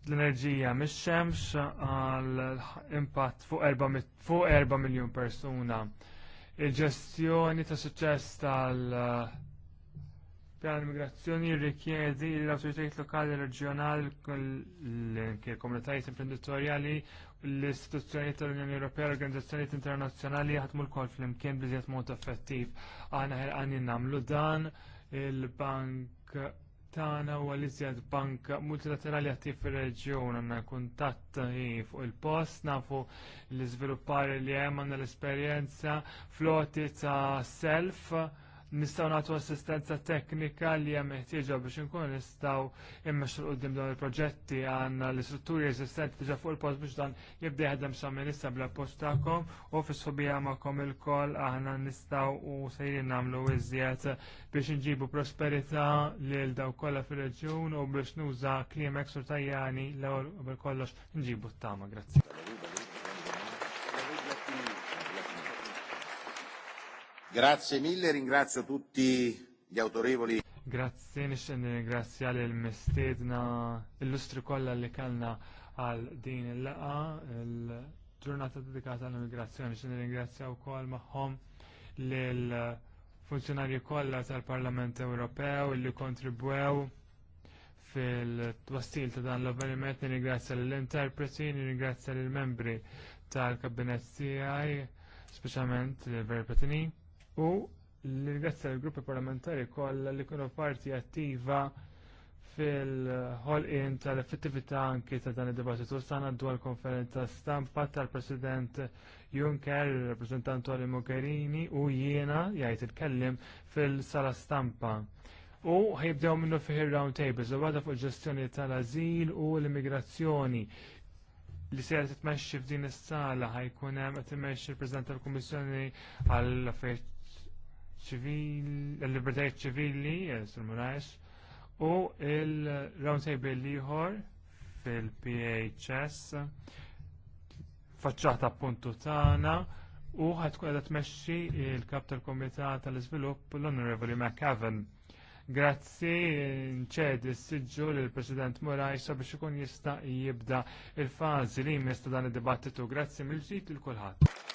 l-enerġija mix-xemx għal impatt fuq 4 miljun persuna. Il-ġestjoni ta' suċċess tal- uh, tal-migrazzjoni rikjedi l awtoritajiet lokali reġjonali l-komunitajiet imprenditoriali l-istituzzjonijiet tal-Unjoni Ewropea l-organizzazzjonijiet internazzjonali jaħdmu l-kol flimkien biżjed mod effettiv. għana ħerqanin nagħmlu dan il-bank Tana huwa l-iżjed bank multilaterali attiv fir-reġjun għandna kuntatt fuq il-post, nafu l izviluppar li hemm għandna l-esperjenza floti ta' self nistgħu nagħtu assistenza teknika li hemm meħtieġa biex inkun nistgħu immexxu qudiem dawn il-proġetti għandna l-istrutturi eżistenti diġà fuq il-post biex dan jibda jaħdem sa minista bla post tagħkom u fis-subija magħkom ilkoll aħna nistgħu u sejrin nagħmlu iżjed biex inġibu prosperità lil daw kollha fir-reġjun u biex nuża eksur tajjani l-ewwel kollox nġibu t-tama. Grazzi. Grazie mille, ringrazio tutti gli autorevoli. Grazie, nixen ringrazzja l mistedna illustri kolla li kalna għal din il-laqa, il-ġurnata dedikata l-immigrazzjoni, nixen ringrazzja u kol maħom l-funzjonarji kolla tal-Parlament Ewropew li kontribwew fil-twastil ta' dan l-avveniment, ringrazzja l-interpreti, ringrazzja l-membri tal-kabinet CI, specialment l-verpetini u l ringrazzja l-gruppi parlamentari kollha li kunu parti attiva fil-ħolqien tal-effettività anki ta' dan id-dibattitu sana dwar konferenza stampa tal-President Juncker, il-Rappresentant Oli Mogherini u jiena jgħid il-kellim fil-sala stampa. U ħajibdew minnu fih round tables, u għada fuq ġestjoni tal-azil u l-immigrazzjoni li se titmexxi f'din is-sala ħajkun hemm qed immexxi il-President tal-Kummissjoni għall affarijiet Ċivili, l-libertajiet ċivili, eh, sul-Munax, u il-roundtable liħor fil-PHS, faċċaħta puntu tana, u ħatkun għedha tmexxi il-kap tal-Komitat tal-Iżvilupp l honorable McAvan. Grazzi, nċedi s-sġu l-President Murajsa biex ikun jista' jibda il-fazi li jmista dan id-dibattitu. Grazzi mill-ġdid il-kulħadd.